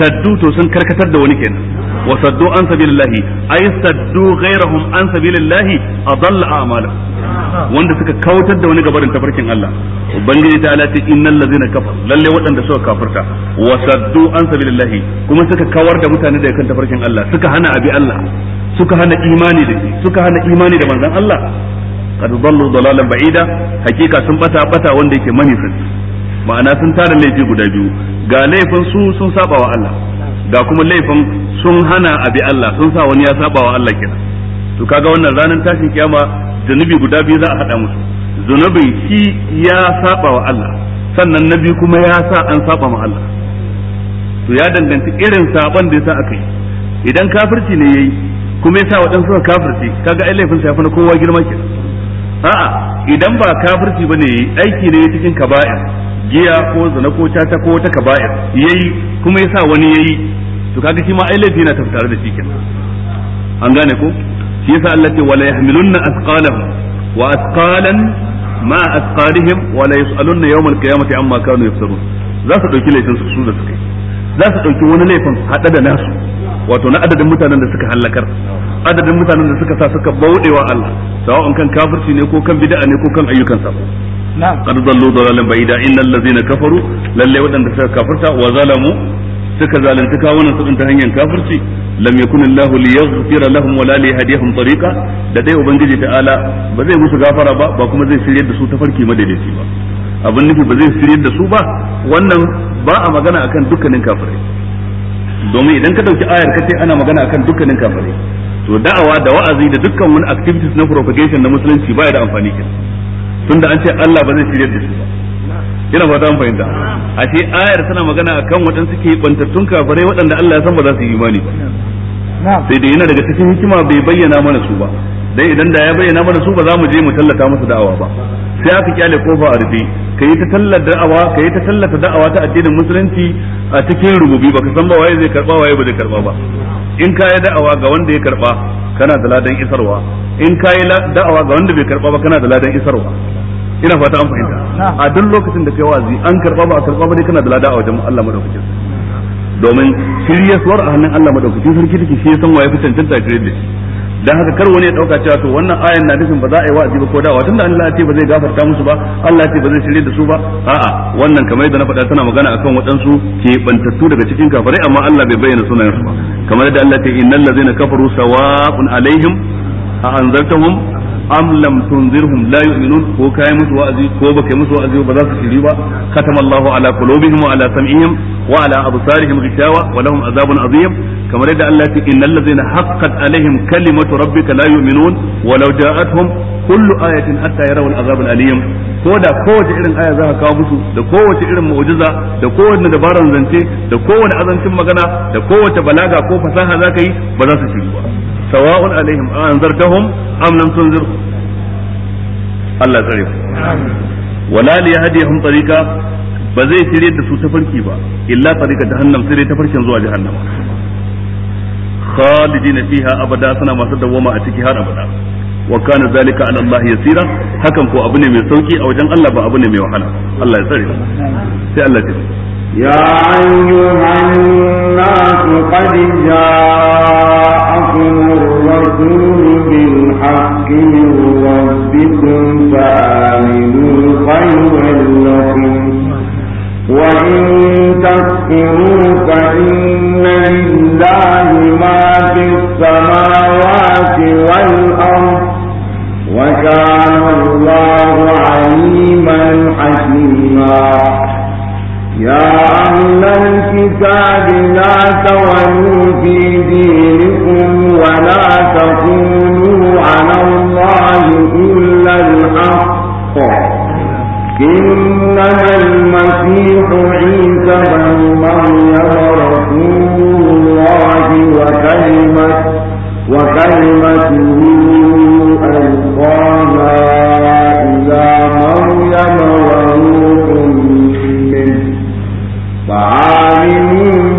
saddu to sun karkatar da wani kenan wa saddu an sabilillahi ay saddu ghairahum an sabilillahi adalla a'mala wanda suka kautar da wani gabarin tafarkin Allah ubangiji ta alati innal ladzina kafar lalle waɗanda suka kafirta wa saddu an sabilillahi kuma suka kawar da mutane da kan tafarkin Allah suka hana abi Allah suka hana imani da suka hana imani da manzon Allah qad dallu dalalan ba'ida hakika sun bata bata wanda yake manifest ma'ana sun tara laifi guda biyu ga laifin su sun saba wa Allah ga kuma laifin sun hana abi Allah sun sa wani ya saba wa Allah kenan to kaga wannan ranan tashin kiyama zunubi guda biyu za a hada musu zunubin shi ya saba wa Allah sannan nabi kuma ya sa an saba ma Allah to ya danganci irin saban da ya aka yi idan kafirci ne yayi kuma yasa waɗansu suka kafirci kaga ai laifin sa ya fi kowa girma kenan a'a idan ba kafirci bane aiki ne cikin kaba'ir giya ko zina ko tata ko ta kaba'ir yayi kuma yasa wani yayi to kaga shi ma ai laifi na tare da shi kenan an gane ko shi yasa Allah ce wala yahmilunna asqalahu wa asqalan ma asqalihim wala yus'alunna yawmal qiyamati amma kanu yafsarun za su dauki laifin su su suka yi za su dauki wani laifin hada da nasu wato na adadin mutanen da suka halakar adadin mutanen da suka sa suka baudewa Allah sawa'un kan kafirci ne ko kan bid'a ne ko kan ayyukan sabo qad dallu dalalan ba'ida innal ladzina kafaru lalle wadanda suka kafirta wa zalamu suka zalunta kawunan su ta hanyar kafirci lam yakun Allah li yaghfira lahum wa la li yahdihim tariqa da dai ubangiji ta'ala ba zai musu gafara ba ba kuma zai shiryar da su tafarki madaidaici ba abin nufi ba zai shiryar da su ba wannan ba a magana akan dukkanin kafirai domin idan ka dauki ayar ka ce ana magana akan dukkanin kafare to da'awa da wa'azi da dukkan wani activities na propagation na musulunci ba da amfani kin tunda an ce Allah ba zai shirye da su ba ina fata an fahimta a ce ayar tana magana akan waɗanda suke bantattun kafare waɗanda Allah ya san ba za su yi imani ba sai da yana daga cikin hikima bai bayyana mana su ba dai idan da ya bayyana mana su ba za mu je mu tallata musu da'awa ba sai aka kyale kofa a rufe ka yi ta tallata da'awa ka yi ta tallata da'awa ta addinin musulunci a cikin rububi baka san ba waye zai karba waye ba zai karba ba in ka yi da'awa ga wanda ya karba kana da ladan isarwa in ka yi da'awa ga wanda bai karba ba kana da ladan isarwa ina fata an fahimta a duk lokacin da kai wazi an karba ba a karba ba ne kana da ladan a wajen Allah madaukakin domin shiryaswar a hannun Allah madaukakin sarki take shi san waye fi cancanta shirye da dan haka kar wani ya dauka cewa to wannan ayan na nufin ba za a yi wa'azi ba ko da tunda Allah ya ce ba zai gafarta musu ba Allah ya ce ba zai shirye da su ba a'a wannan kamar yadda na faɗa tana magana akan waɗansu ke bantattu daga cikin kafirai amma Allah bai bayyana sunayen su ba kamar yadda Allah ya ce innal ladzina kafaru sawa'un alaihim a anzartahum am lam tunzirhum la yu'minun ko kai musu wa'azi ko baka yi musu wa'azi ba za su shiri ba khatama Allahu ala qulubihim wa ala sam'ihim wa ala absarihim ghishawa wa lahum azabun azim kamar yadda Allah ya ce innal ladzina haqqat alaihim kalimatu rabbika la yu'minun wa law ja'atuhum kullu ayatin hatta yarawu al'azab al'alim ko da kowace irin aya za ka kawo musu da kowace irin mu'jiza da kowace dabaran zance da kowace azancin magana da kowace balaga ko fasaha za ka yi ba za su shiri ba sawa'un alaihim anzartahum am lam tunzir Allah ya tsare ku wala li yahdihum tariqa ba zai shirye da su tafarki ba illa tariqa jahannam sai dai tafarkin zuwa jahannama khalidina fiha abada suna masu dawoma a ciki har abada wa kana zalika ala Allah yasira hakan ko abu ne mai sauki a wajen Allah ba abu ne mai wahala Allah ya tsare sai Allah ya ya أيها الناس قد جاءكم الرسول بالله بالحق من ربكم فآمنوا خيرا لكم وإن تكفروا فإن لله ما في السماوات والأرض وكان الله عليما حكيما يا أهل الكتاب لا تولوا في دينكم ولا تقولوا على الله إلا الحق إنما المسيح عيسى بن رسول الله وكلمة وكلمته ألقاها إلى مريم فعالم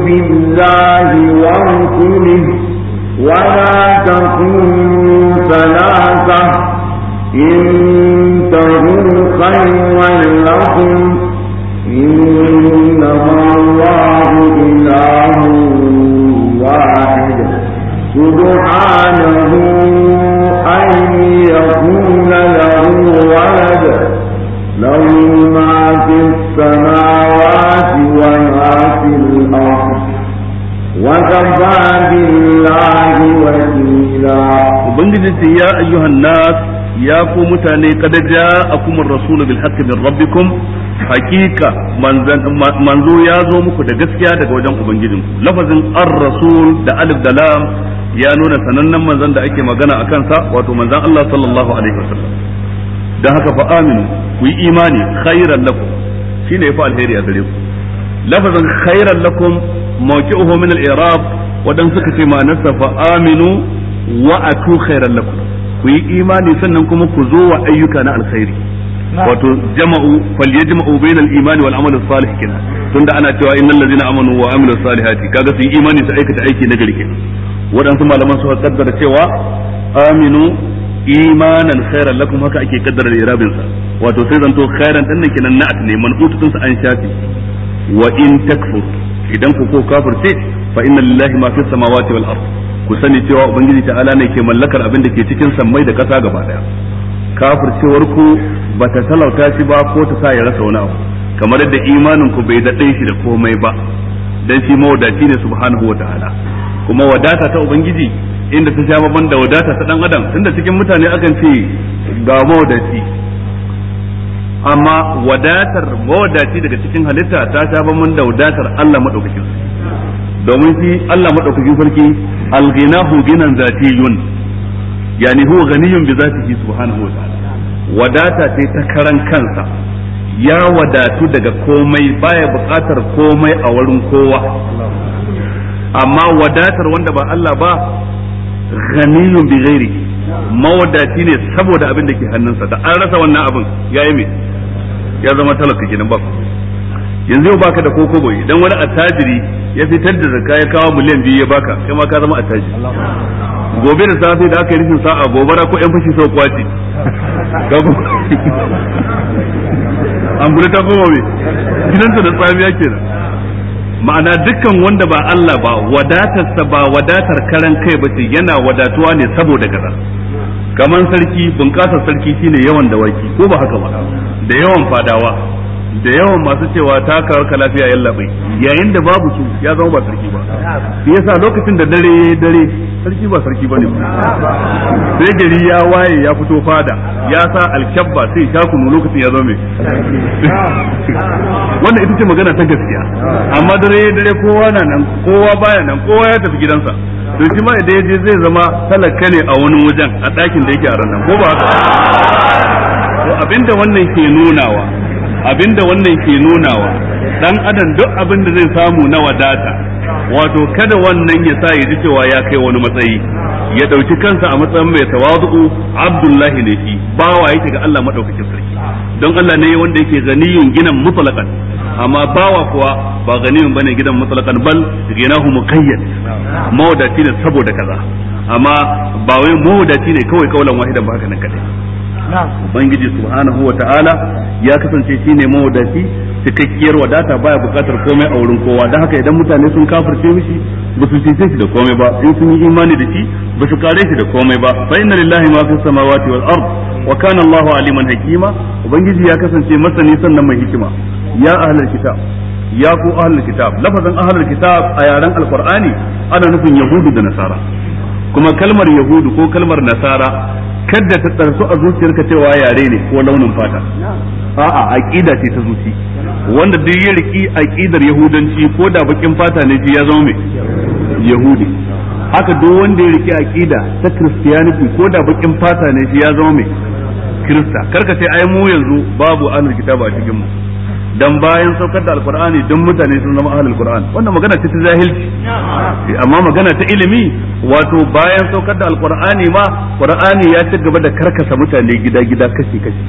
بالله ورسوله ولا تكونوا ثلاثة إن انتهوا خيرا لكم إنما الله إله واحد سبحانه أن يكون له ولد لما في السماوات وما في الأرض وكفى بالله وكيلا وبنجد يا أيها الناس يا قوم متاني قد جاءكم الرسول بالحق من ربكم حقيقة منذ يا زومك دقسيا دقوجان أبنجدكم لفظ الرسول دا ألف دلام ya nuna sanannen manzon da ake magana a kansa wato manzon Allah sallallahu alaihi wasallam dan haka fa aminu ku yi imani khairan lakum shine yafi alheri a gare ku lafazin khairan lakum mawqi'uhu min al-i'rab wadan suka ce ma'anarsa fa aminu wa atu khairan lakum ku yi imani sannan kuma ku zo wa ayyuka na alkhairi wato jama'u falyajma'u bainal imani wal amali salih Kina tunda ana cewa innal ladzina amanu wa amilus salihati kaga su yi imani su aikata aiki na gari kenan wadansu malaman su haddara cewa aminu imanan khairan lakum haka ake kaddara irabin sa wato sai zanto khairan din nan kenan na'at ne manqutun sa an shafi wa in takfur idan ku ko ce fa inna lillahi ma fis samawati wal ard ku sani cewa ubangiji ta'ala ne ke mallakar abin da ke cikin sammai da kasa gaba daya cewar ku ba ta talauta shi ba ko ta sa ya rasa wani abu kamar yadda imanin ku bai daɗe shi da komai ba dan shi mawadaci ne subhanahu wataala kuma wadata ta ubangiji inda ta sha babban da wadata ta dan adam tunda cikin mutane akan ce ga mawadaci amma wadatar mawadaci daga cikin halitta ta sha babban da wadatar Allah madaukakin domin shi Allah madaukakin sarki alghinahu ginan zatiyun yani huwa ghaniyun bi zatihi subhanahu wa ta'ala wadata sai ta karan kansa ya wadatu daga komai baya bukatar komai a wurin kowa amma wadatar wanda ba Allah ba ghaniyun bi ghairihi mawadati ne saboda abin da ke hannunsa da an rasa wannan abin yayi me ya zama talaka kenan ba yanzu yau baka da koko boye idan wani attajiri ya fitar da zakka ya kawo miliyan biyu ya baka kai ma ka zama attajiri gobe da safe da aka yi rufin sa'a gobara ko yan fashi sau kwace an gudu ta koma me gidansa da tsamiya kenan ma'ana dukkan wanda ba Allah ba wadatarsa ba wadatar karan kai ba ce yana wadatuwa ne saboda gaza kamar sarki bunƙasar sarki shine yawan dawaki ko ba haka ba da yawan fadawa da yawan masu cewa takawar ka lafiya yalla bai yayin da babu su ya zama ba sarki ba shi yasa lokacin da dare dare sarki ba sarki bane sai gari ya waye ya fito fada ya sa alkyabba sai ya kunu lokacin ya zama wannan ita ce magana ta gaskiya amma dare dare kowa na nan kowa baya nan kowa ya tafi gidansa to shi ma idan yaje zai zama talaka ne a wani wajen a ɗakin da yake a ranar ko ba haka to abinda wannan ke nunawa abinda wannan ke nunawa dan adam duk abin da zai samu na wadata wato kada wannan ya sa ya ji cewa ya kai wani matsayi ya dauki kansa a matsayin mai tawazu'u abdullahi ne shi bawa yake ga Allah madaukakin sarki don Allah ne wanda yake ganiyin ginan mutlaqan amma bawa kuwa ba ganiyin bane gidan mutlaqan bal ginahu muqayyad mawdati ne saboda kaza amma ba wai mawdati ne kawai kaulan wahidan ba haka nan kadai ubangiji subhanahu wa ta'ala ya kasance shi ne mawadaci cikakkiyar wadata baya bukatar komai a wurin kowa don haka idan mutane sun kafirce mishi ba su cece shi da komai ba in sun yi imani da shi ba su kare shi da komai ba fa inna lillahi ma fi samawati wal ard wa kana Allahu aliman hakima ubangiji ya kasance masani sannan mai hikima ya ahlul kitab ya ku ahlul kitab lafazin ahlul kitab a yaren alqur'ani ana nufin yahudu da nasara kuma kalmar yahudu ko kalmar nasara kada ta tsarsu a zuciyarka cewa yare ne ko launin fata a'a aqida ce ta zuci wanda duk ya riki aqidar yahudanci ko da bakin fata ne ya zama mai yahudi haka duk wanda ya riki aqida ta christianity ko da bakin fata ne ya zama mai krista karka sai ai mu yanzu babu anar kitaba a cikin mu dan bayan saukar da alqur'ani dan mutane sun zama ahlul qur'an wannan magana ce ta zahilci amma magana ta ilimi wato bayan saukar da alqur'ani ma qur'ani ya ci gaba da karkasa mutane gida gida kashi kashi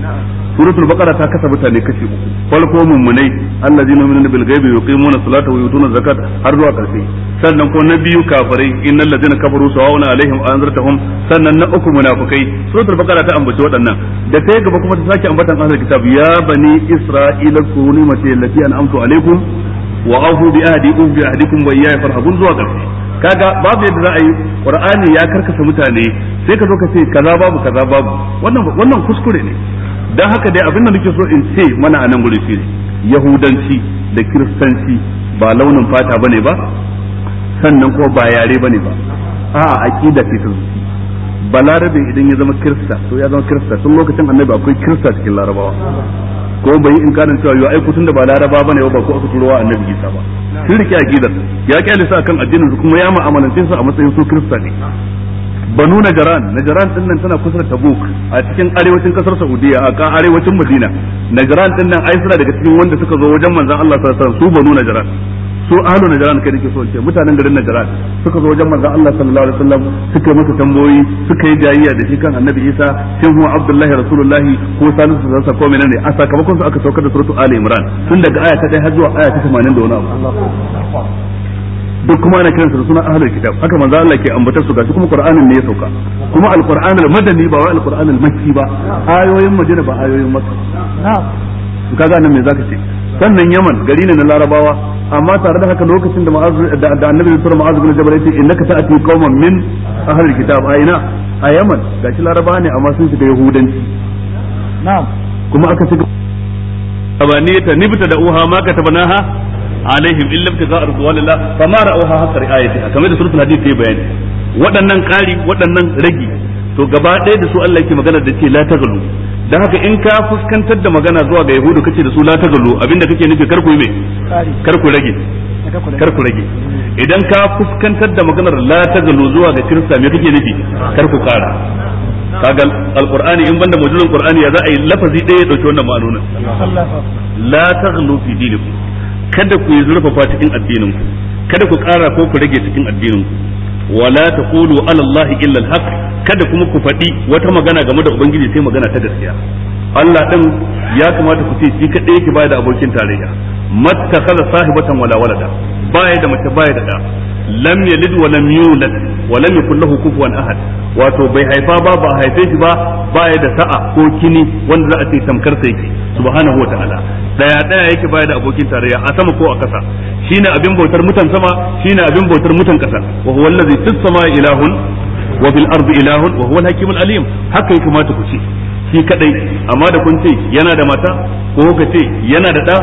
suratul baqara ta kasa mutane kashi uku farko mummunai allazina yu'minuna bil ghaibi yuqimuna salata wa yutuna zakata har zuwa karshe sannan ko na biyu kafirai innal ladzina kafaru sawa'un alaihim anzartahum sannan na uku munafukai suratul baqara ta ambaci waɗannan da ta gaba kuma ta sake ambatan ahlul kitab ya bani isra'ila kunu mace lati an amtu alaikum wa a'udhu bi ahdi um bi ahdikum wa iyaya farhabun zuwa ƙarshe kaga babu yadda za a yi qur'ani ya karkasa mutane sai ka zo ka ce kaza babu kaza babu wannan wannan kuskure ne dan haka dai abin da nake so in ce mana anan nan guri shi yahudanci da kiristanci ba launin fata bane ba sannan kuma ba yare bane ba a'a aqida ce ta balarabe idan ya zama kirista to ya zama kirista tun lokacin annabi akwai kirista cikin larabawa ko bai yi inkarin cewa yau ai tun da ba laraba bane ba ko aka turowa annabi Isa ba sun a gidan ya kyale sa akan addinin su kuma ya mu'amalance su a matsayin su kirista ne banu najaran najaran din nan tana kusa da tabuk a cikin arewacin kasar saudiya a kan arewacin madina najaran din nan ai suna daga cikin wanda suka zo wajen manzon Allah sallallahu alaihi wasallam su banu najaran su ahlu najran kai nake so ce mutanen garin najran suka zo wajen manzon Allah sallallahu alaihi wasallam suka masa tambayoyi suka yi jayayya da shi kan annabi Isa shin huwa abdullahi rasulullahi ko sanin su zasa ko menene a sakamakon su aka saukar da suratu ali imran tun daga aya ta 1 har zuwa aya ta 80 da wani abu duk kuma ana kiransu da suna ahlul kitab haka manzo Allah ke ambatar su gashi kuma qur'anin ne ya sauka kuma alqur'an al-madani ba wai alqur'an al-makki ba ayoyin madina ba ayoyin makka kaga nan me zaka ce sannan yaman gari ne na larabawa amma tare da haka lokacin da da annabi ya tura ma'azu bin jabal yace innaka ta'ati qauman min ahlil kitab a ina a yaman gashi laraba ne amma sun shiga yahudanci na'am kuma aka shiga abanita nibta da uha ma katabnaha alaihim illa ibtigha ridwanillah fama ra'uha hakka ri'ayati kamar da suratul hadid ta bayani waɗannan ƙari waɗannan ragi to gaba ɗaya da su Allah yake magana da ce la tagalu dan haka in ka fuskantar da magana zuwa ga yahudu kace da su la tagalu abinda kake nufi kar ku yi me eh, kar ku rage kar ku rage idan ka fuskantar da maganar la tagalu zuwa ga kirista me kake nufi kar ku kara kaga alqur'ani in banda mujallin qur'ani ya za a yi lafazi ɗaya ya dauki wannan ma'anonin la tagalu fi dinikum kada ku yi fa cikin addinin ku kada ku kara ko ku rage cikin addinin ku wala taqulu ala allahi illa alhaq kada kuma ku faɗi wata magana game da ubangiji sai magana ta gaskiya Allah din ya kamata ku ce shi kaɗai yake baya da abokin tarayya mattakhadha sahibatan wala walada baya da mace baya da ɗa lam yalid wa lam yulad wa lam yakul lahu kufuwan ahad wato bai haifa ba ba haife shi ba baya da sa'a ko kini wanda za a ce tamkar sai ke. subhanahu wa ta'ala daya daya yake baya da abokin tarayya a sama ko a kasa shine abin bautar mutan sama shine abin bautar mutan kasa wa huwa allazi fis samai ilahun wa fil ardi ilahun wa huwa al-hakim al-alim haka ya kamata ku ce shi kadai amma da kun ce yana da mata ko ka ce yana da da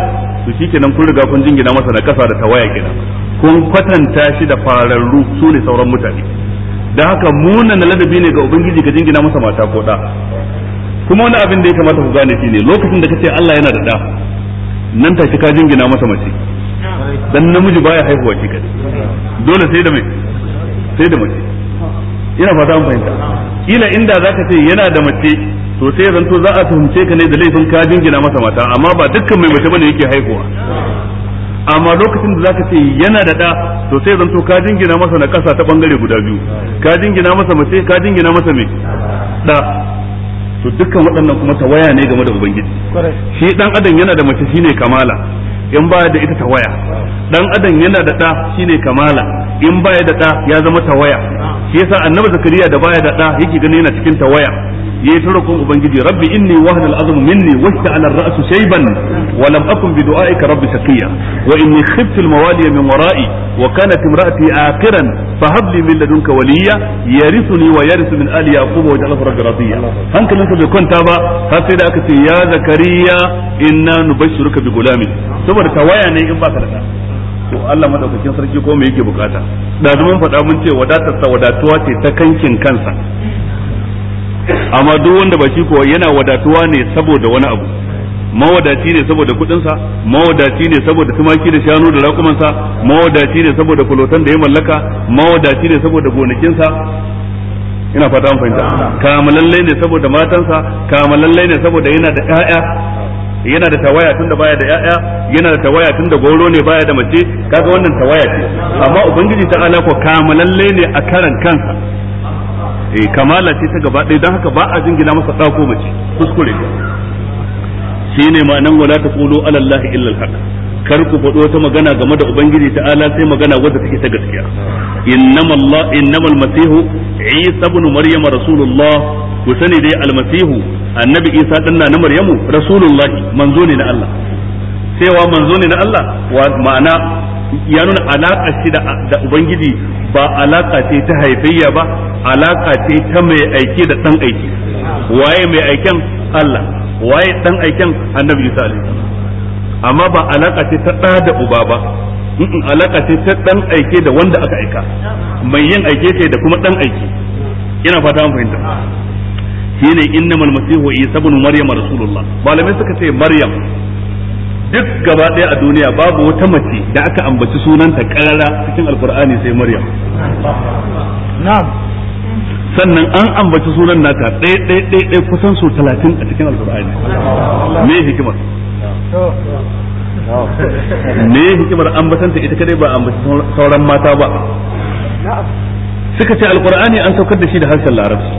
to shikenan kun riga kun jingina masa da kasa da tawaya kenan kun kwatanta shi da fararru su ne sauran mutane da haka munan ladabi ne ga ubangiji ka jingina masa mata ko da kuma wani abin da ya kamata ku gane ne lokacin da kace Allah yana da da nan take ka jingina masa mace dan namiji baya haihuwa shi kadai dole sai da mai sai da mace ina fata an fahimta kila inda zaka ce yana da mace to sai zanto za a tuhumce ka ne da laifin ka jingina masa mata amma ba dukkan mai mace bane yake haihuwa amma lokacin da zaka ce yana da da to sai zanto ka jingina masa na kasa ta bangare guda biyu ka jingina masa mace ka jingina masa me da to dukkan waɗannan kuma tawaya ne game da ubangiji shi dan adam yana da mace shine kamala in baya da ita tawaya dan adam yana da da shine kamala in baya da da ya zama tawaya shi yasa annabi zakariya da baya da da yake gani yana cikin tawaya yayi ta roƙon ubangiji rabbi inni wahana al'azmu minni washta'ala ar-ra'su shayban wa lam akun bi du'aika rabbi shaqiya wa inni khiftu al-mawaliya min wara'i wa kanat imra'ati aqiran fahab li min ladunka waliya yarithuni wa yarithu min ali yaqub wa ja'alhu rabbi radiya hankalinsa bai kwanta ba har sai da aka ce ya zakariya inna nubashshiruka bi gulamin saboda tawaya ne in ba ka da to Allah madaukakin sarki ko me yake bukata da mun faɗa mun ce wadatar sa wadatuwa ce ta kankin kansa amma duk wanda ba shi ko yana wadatuwa ne saboda wani abu mawadaci ne saboda sa mawadaci ne saboda tumaki da shanu da sa mawadaci ne saboda kulotan da ya mallaka mawadaci ne saboda gonakinsa ina fata an fahimta kamalalle ne saboda matansa kamalalle ne saboda yana da ƴaƴa yana da tawaya tun da baya da yaya yana da tawaya tun da goro ne baya da mace kaga wannan tawaya ce amma ubangiji ta ala ko kamalalle ne a karan kansa eh kamala ce ta gaba ɗaya don haka ba a jingina masa ɗako mace kuskure shine ma'anan wala taqulu ala allahi illa al-haq kar ku faɗo wata magana game da ubangiji ta ala sai magana wadda take ta gaskiya innamal innamal masihu isa ibn maryama rasulullah ku sani dai almasihu annabi isa dan na maryamu rasulullahi manzo ne na Allah Sai wa manzo ne na Allah wa ma'ana ya nuna alaka shi da ubangiji ba alaka ce ta haifayya ba alaka ce ta mai aiki da dan aiki waye mai aiken Allah waye dan aiken annabi isa alaihi amma ba alaka ce ta ɗa da uba ba alaka ce ta ɗan aike da wanda aka aika mai yin aike ce da kuma ɗan aike ina fata an fahimta shine innamal masihu isa sabon maryam rasulullah malamai suka ce maryam duk gaba ɗaya a duniya babu wata mace da aka ambaci sunanta karara cikin alkur'ani sai maryam sannan an ambaci sunan naka ɗaya ɗaya ɗaya ɗaya kusan su talatin a cikin alkur'ani me hikimar me hikimar ambatanta ita kadai ba ambaci sauran mata ba suka ce alkur'ani an saukar da shi da harshen larabci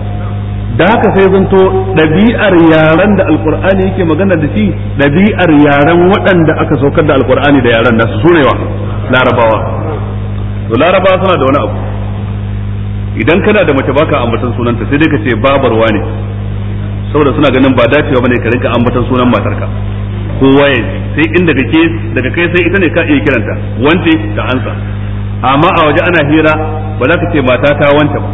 da haka sai zanto ɗabi'ar yaren da alkur'ani yake magana da shi ɗabi'ar yaren waɗanda aka saukar da alkur'ani da yaren nasu su ne wa larabawa to larabawa suna da wani abu idan kana da mace baka ambatan sunanta sai dai ka ce babarwa ne saboda suna ganin ba dacewa bane ka rinka ambatan sunan matarka kowa ya sai inda kake daga kai sai ita ne ka iya kiranta wance ta ansa amma a waje ana hira ba za ka ce mata ta wanta ba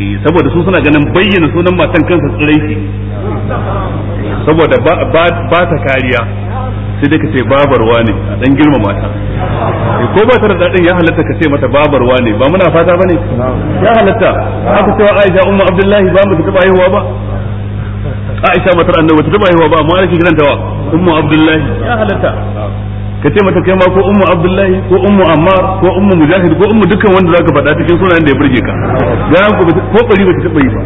eh, saboda su suna ganin bayyana sunan matan kansa tsirai saboda ba ta kariya sai dai ka ce babarwa ne a dan girma mata ko ba ta da ya halatta ka ce mata babarwa ne ba muna fata bane ya halatta aka cewa Aisha ummu Abdullahi ba mu taba yiwa ba Aisha matar annabi ta taba yiwa ba amma ake ta wa ummu Abdullahi ya halatta ka ce mata kai ma ko ummu Abdullahi ko ummu Ammar ko ummu Mujahid ko ummu dukkan wanda zaka faɗa cikin sunayen da ya burge ka ga ko bari ba ta taba yi ba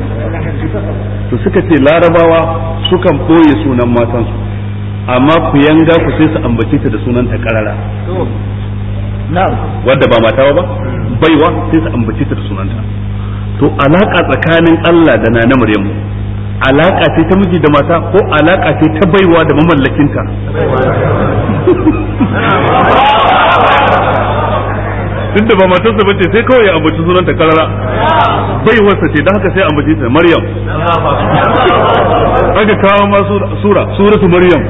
to suka ce larabawa sukan boye sunan matansu amma ku yanga ku sai su ambace ta da sunan ta karara wadda ba mata ba hmm. baiwa sai su ambace ta da sunanta to alaka tsakanin Allah da na Maryamu alaka ce ta miji da mata ko alaka ce ta baiwa da mamallakinta da ba matarsa bace sai kawai ya ambaci sunanta karara baiwarsa ce da haka sai ambaci ta Maryam aka kawo ma sura suratu Maryam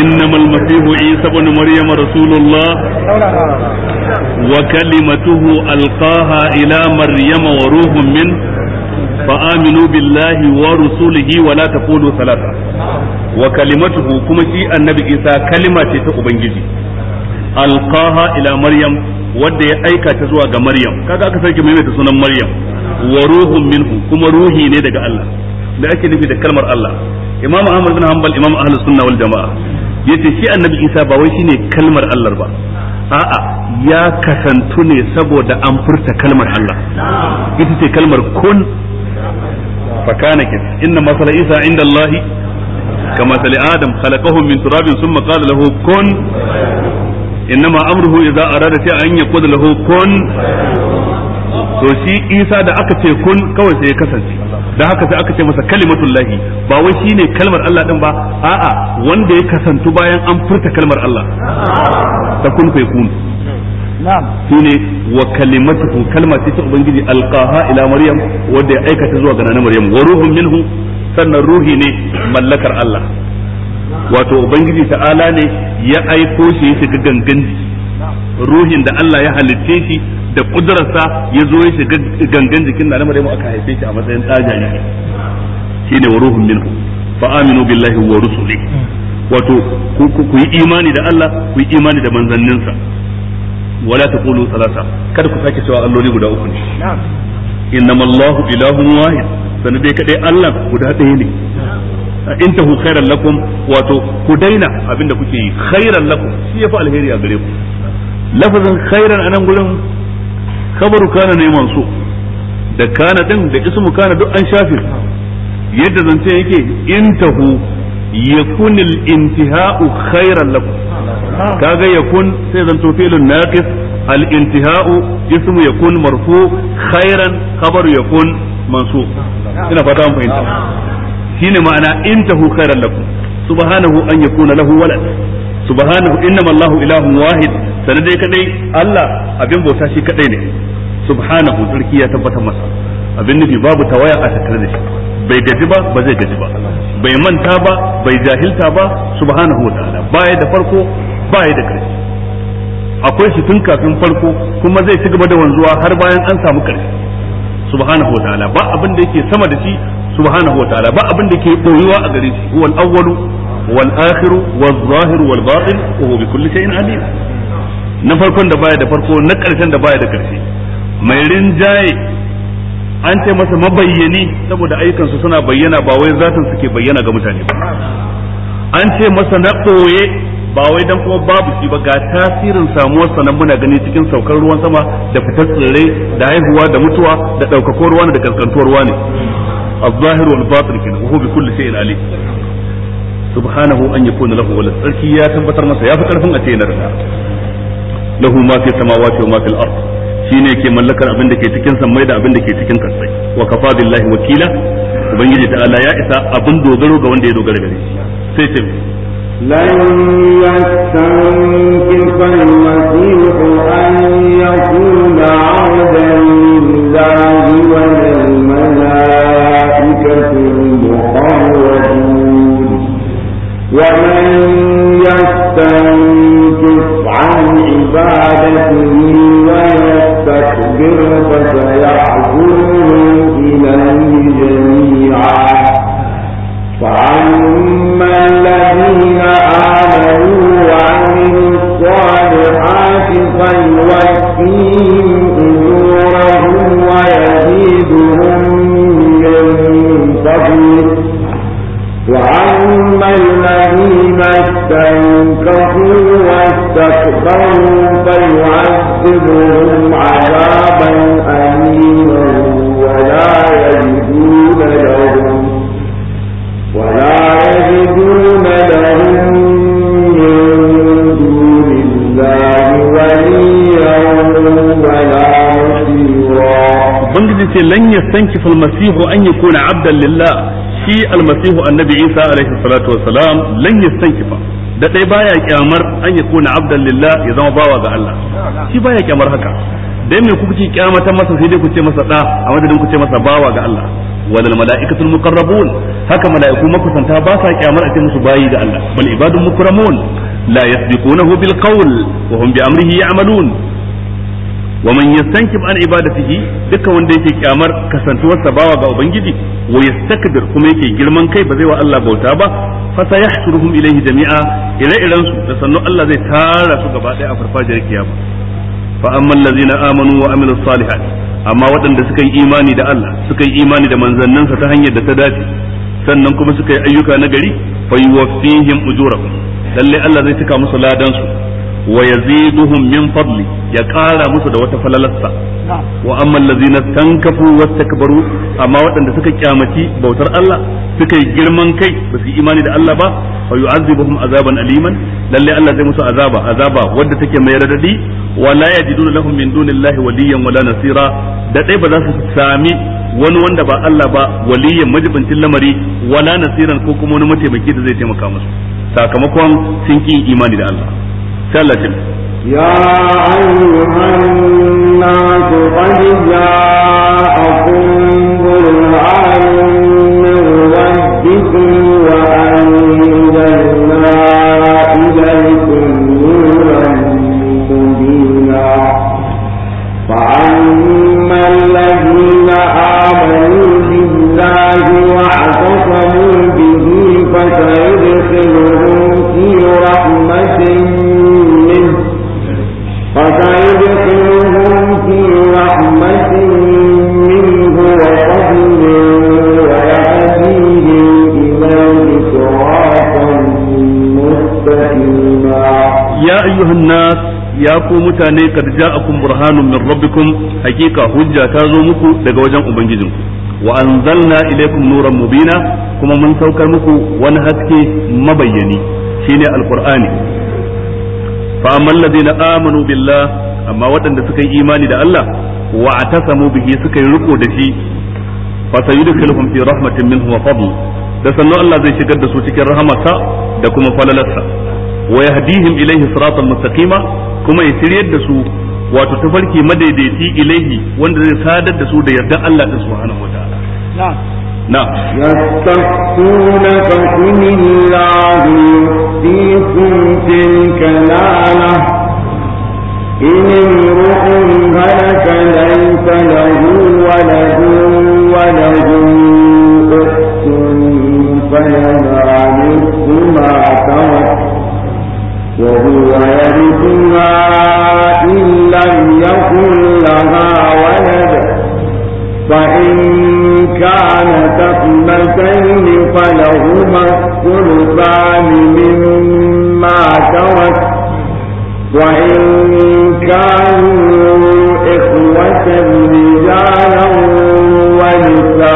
إنما المسيح عيسى بن مريم رسول الله وكلمته ألقاها إلى مريم وروح منه فآمنوا بالله ورسوله ولا تقولوا ثلاثة وكلمته كما شيء النبي عيسى كلمة تأبنجي ألقاها إلى مريم wadda ya aikata zuwa ga Maryam kaga aka sake maimaita sunan Maryam wa ruhun kuma ruhi ne daga Allah da ake nufi da kalmar Allah Imam Ahmad bin Imam Jama'a yace shi annabi isa ba wai shine kalmar Allah ba a'a ya kasantu ne saboda an furta kalmar Allah ita ce kalmar kun fakana kin inna masala isa inda Allah kama sali adam khalaqahu min turabin thumma qala lahu kun إنما a إذا أراد أن يقول له كن to shi isa da aka ce kun kawai sai ya kasance da haka sai aka ce masa kalimatullahi ba wai shine kalmar Allah din ba a'a wanda ya kasantu bayan an furta kalmar Allah ta kun fa yakun shine wa kalimatu kalma ta ubangiji alqaha ila maryam wanda ya aikata zuwa ga nana maryam wa ruhun minhu sannan ruhi ne mallakar Allah wato ubangiji ta'ala ne ya aiko shi ya shiga gangan ruhin da Allah ya halitte shi da kudurarsa ya zo ya shiga gangan jikin na maryamu aka haife shi a matsayin tsajari shine wa ruhun minhu fa aminu billahi wa rusuli wato ku yi imani da Allah ku yi imani da manzanninsa wala taqulu salasa kada ku sake cewa alloli guda uku ne innama Allahu ilahun wahid sanin dai kadai Allah guda ɗaya ne in tahu khairan lakum wato ku daina abinda kuke yi khairan lakum shi yafi alheri a gare ku lafazin khairan nan gurin khabaru kana ne mansu da kana din da ismu kana duk an shafe yadda zance yake intahu yakun al-intiha'u khairan lakum kaga yakun sai zanto fi'lun naqis al-intiha'u ismu yakun marfu khairan khabaru yakun mansu ina fata an fahimta shine ma'ana intahu khairan lakum subhanahu an yakuna lahu walad subhanahu innama Allahu ilahun wahid Sani dai kadai Allah abin bauta shi kadai ne subhanahu sarki ya tabbatar masa abin nufi babu tawaya a tattare da shi bai gaji ba ba zai gaji ba bai manta ba bai jahilta ba subhanahu wa ta'ala baya da farko baya da ƙarshe akwai shi tun kafin farko kuma zai ci gaba da wanzuwa har bayan an samu ƙarshe subhanahu wa ta'ala ba abin da yake sama da shi subhanahu wa ta'ala ba abin da yake boyewa a gare shi huwal awwalu wal akhiru wal zahiru wal batin wa huwa bi kulli shay'in alim na farkon da baya da farko na ƙarshen da baya da ƙarshe mai rinjaye an ce masa mabayyani saboda ayyukansu suna bayyana ba wai zatin suke bayyana ga mutane ba an ce masa na ɓoye ba wai dan kuma babu shi ba ga tasirin samuwar sa nan muna gani cikin saukar ruwan sama da fitar tsirrai da haihuwa da mutuwa da ɗaukakuwar ruwa da kaskantuwar wani الظاهر والباطن كده وهو بكل شيء عليم subhanahu an yakuna lahu wala sarki ya tabbatar masa ya fi karfin a na lahu ma fi samawati wa ma fil ard shine yake mallakar abin da ke cikin sammai da abin da ke cikin kasai wa kafa billahi wakila ubangiji ta ala ya isa abin dogaro ga wanda ya dogara gare shi sai ce لن يستنكف المسيح أن يكون عبدا لله ولا الملائكة المقربون ومن ويثني الذين آمنوا وعملوا الصالحات أجورهم ويزيدهم من الذين استنكفوا واستكبروا فيعذبهم عذابا أليما ولا يجدون لهم ولا يجدون لهم من دون الله وليا ولا نصيرا بنجد لن يستنكف المسيح أن يكون عبدا لله في المسيح النبي عيسى عليه الصلاة والسلام لن يستنكفه da ɗaya baya kyamar an na kona abdan lillah ya zama bawa ga Allah shi baya kyamar haka dan me kuke kyamata masa sai dai ku ce masa da a madadin ku ce masa bawa ga Allah walal malaikatul muqarrabun haka malaiku makusanta ba sa kyamar a ce musu bayi ga Allah bal ibadun mukramun la yasbiqunahu bil qawl wa hum bi amrihi ya'malun wa man yastankib an ibadatihi duka wanda yake kyamar kasantuwar sa bawa ga ubangiji wa yastakbir kuma yake girman kai ba zai wa Allah bauta ba fa sayahshuruhum ilayhi jami'a ire-iren su da sannu Allah zai tara su gaba ɗaya a farfajiyar kiyama fa amman lazina amanu wa amilus salihat amma waɗanda suka yi imani da Allah suka yi imani da manzanninsa ta hanyar da ta dace sannan kuma suka yi ayyuka na gari fa yuwaffihim ujurahum lalle Allah zai tuka musu ladan su wa yaziduhum min fadli ya ƙara musu da wata falalarsa wa amma allazina tankafu wastakbaru amma waɗanda suka kyamaci bautar Allah suka yi girman kai ba su imani da Allah ba fa yu'azibuhum azaban aliman lalle Allah zai musu azaba azaba wanda take mai radadi wala la yajiduna lahum min dunillahi waliyyan wala nasira da dai ba za su sami wani wanda ba Allah ba waliyyan majibancin lamari wala nasiran ko kuma wani mataimaki da zai taimaka musu sakamakon sun ki imani da Allah sai Allah ya يا أيها الناس قد ku mutane kad ja'akum burhanun min rabbikum hakika hujja ta zo muku daga wajen ubangijin wa anzalna ilaykum nuran mubina kuma mun saukar muku wani haske mabayyani shine alqur'ani fa amman ladina amanu billah amma waɗanda suka yi imani da Allah wa atasamu bihi suka yi riko da shi fa sayudkhiluhum fi rahmatin minhu wa fadl da sannan Allah zai shigar da su cikin rahamarsa da kuma falalarsa wa yahdihim ilayhi siratal mustaqima kuma ya shiryar da su wato tafarki madaidaici ilaihi wanda zai sadar da su da yarda Allah da subhanahu wataala na yastakuna fa kunillahu fi kuntin kalala in ru'un halaka laysa lahu walahu walahu ukhtun fa yana min ma tawakka وهو يرثها إن لم يكن لها ولد فإن كانت اثنتين فلهما الثلثان مما ترك وإن كانوا إخوة رجالا ونساء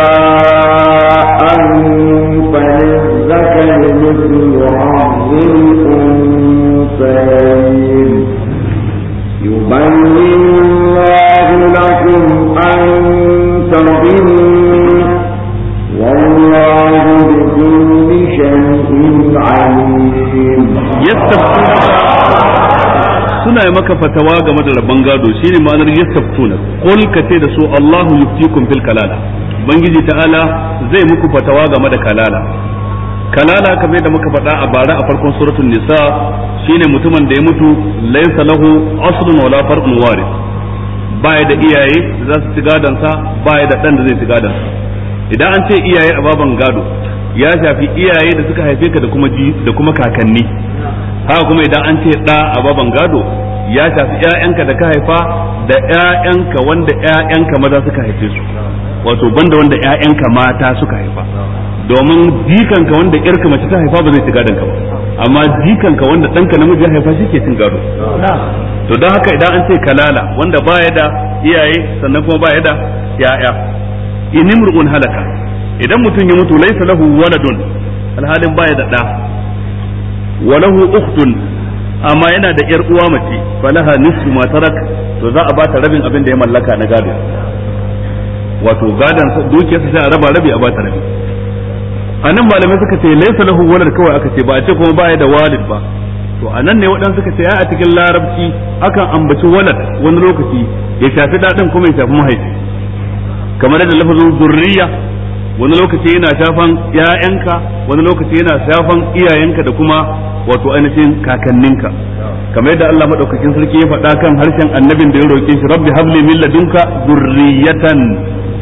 فللذكر مثل حظ suna yi maka fatawa game da rabon gado ne ma'anar yastaftuna tuna. ka ce da su Allahu yuftikum fil kalala bangiji ta'ala zai muku fatawa game da kalala kanana kamar da muka faɗa a bara a farkon suratul nisa shine mutumin da ya mutu laysa lahu aslun wala farqun waris baya da iyaye za su ci gadon sa baya da dan da zai ci gadon sa idan an ce iyaye a baban gado ya shafi iyaye da suka haife ka da kuma ji da kuma kakanni haka kuma idan an ce da a baban gado ya shafi ƴaƴanka da ka haifa da ƴaƴanka wanda ƴaƴanka maza suka haife su wato banda wanda ƴaƴanka mata suka haifa domin jikanka wanda irka mace ta haifa ba zai ci gadon ba amma jikanka wanda ɗanka namiji ya haifa shi ke cin gado to don haka idan an ce kalala wanda baya da iyaye sannan kuma baya da ya'ya inimru'un halaka idan mutum ya mutu laisa lahu waladun alhalin baya da ɗa walahu ukhtun amma yana da yar uwa mace falaha nisfu ma tarak to za a bata rabin abin da ya mallaka na gado wato gadon dukiyarsa sai a raba rabi a bata rabi anan malamai suka ce laysa lahu walad kawai aka ce ba a ce kuma baya da walid ba to anan ne waɗansu suka ce a cikin larabci akan ambaci walad wani lokaci ya shafi dadin kuma ya shafi mahaifi kamar da lafazin zurriya wani lokaci yana shafan ƴaƴanka wani lokaci yana shafan iyayenka da kuma wato ainihin kakanninka kamar yadda Allah madaukakin sarki ya faɗa kan harshen annabin da ya roke shi rabbi habli min ladunka zurriyatan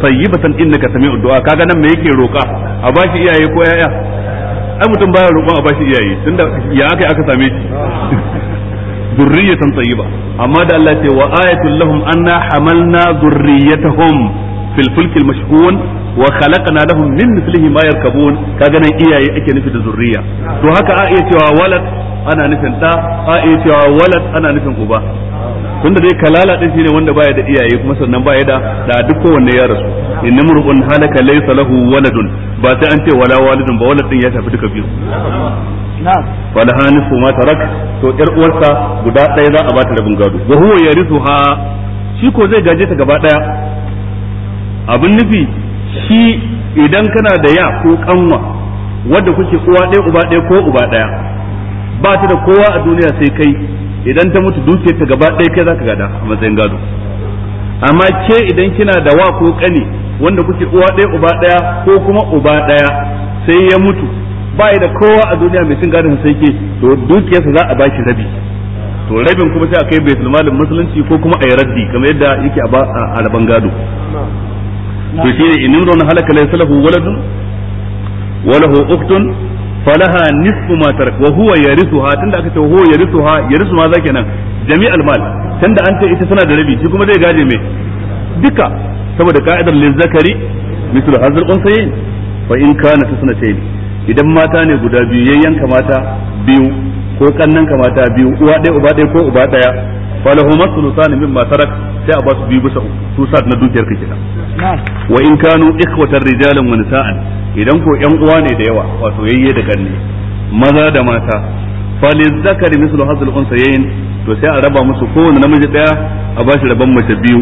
tayyibatan innaka sami'ud du'a kaga nan me yake roka a bashi iyaye ko yaya ai mutum baya roƙon a bashi iyaye tunda ya aka aka same shi zurriyatan tayyiba amma da Allah ce wa ayatul lahum anna hamalna zurriyatahum fil fulkil mashhun wa khalaqna lahum min mithlihi ma yarkabun kaga nan iyaye ake nufi da zurriya to haka a iya cewa walad ana nufin da a iya cewa walad ana nufin uba tunda dai kalala din shine wanda baya da iyaye kuma sannan baya da da duk kowanne ya rasu innamrun halaka laysa lahu waladun ba sai an ce wala waladun ba walad din ya tafi duka biyu falaha nisfu ma tarak to yar uwarsa guda ɗaya za a bata rabin gado wa huwa yarithuha shi ko zai gaje ta gaba ɗaya abin nufi shi idan kana da ya ko kanwa wadda kuke uwa ɗaya uba ɗaya ko uba ɗaya ba ta da kowa a duniya sai kai idan ta mutu dukiyarta gaba ɗaya kai zaka gada a matsayin gado amma ke idan kina da wa ko kani wanda kuke uwa ɗaya uba ɗaya ko kuma uba ɗaya sai ya mutu ba da kowa a duniya mai cin gadon sai ke to dukiyarsa za a baki rabi to rabin kuma sai a kai bai malin musulunci ko kuma a yi raddi kamar yadda yake a raban gado to shine in na halaka laysa lahu waladun wa lahu ukhtun falaha nisfu ma tarak wa huwa yarithuha tunda aka ce huwa yarithuha yarithu ma zake nan jami'al mal tunda an ce ita tana da rabi shi kuma zai gaje me duka saboda ka'idar lizakari misal hadhal unsayin fa in kana tusnatayn idan mata ne guda biyu yayyanka mata biyu ko kannan mata biyu uwa ɗaya uba ɗaya ko uba ɗaya falahu masulusan mimma tarak sai a ba su biyu bisa su sa na dukiyar ka kida wa in kanu ikhwatan rijalan wa nisaan idan ko yan uwa ne da yawa wato yayye da kanne maza da mata falizzakari mislu hazl unsayayn to sai a raba musu kowanne namiji daya a bashi raban mace biyu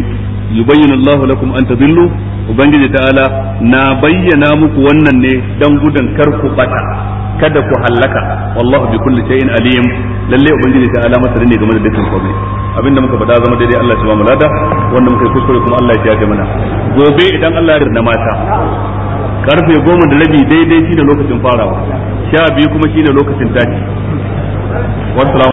yubayyinu Allahu lakum an tadillu ubangiji ta'ala na bayyana muku wannan ne dan gudan kar ku bata kada ku hallaka wallahu bi kulli shay'in alim lalle ubangiji ta'ala masani ne game da dukkan komai abinda muka faɗa zama daidai Allah ya ba mu lada wanda muka yi kuskure kuma Allah ya ji mana gobe idan Allah ya yarda mata karfe goma da rabi daidai shine lokacin farawa sha biyu kuma shine lokacin tashi wassalamu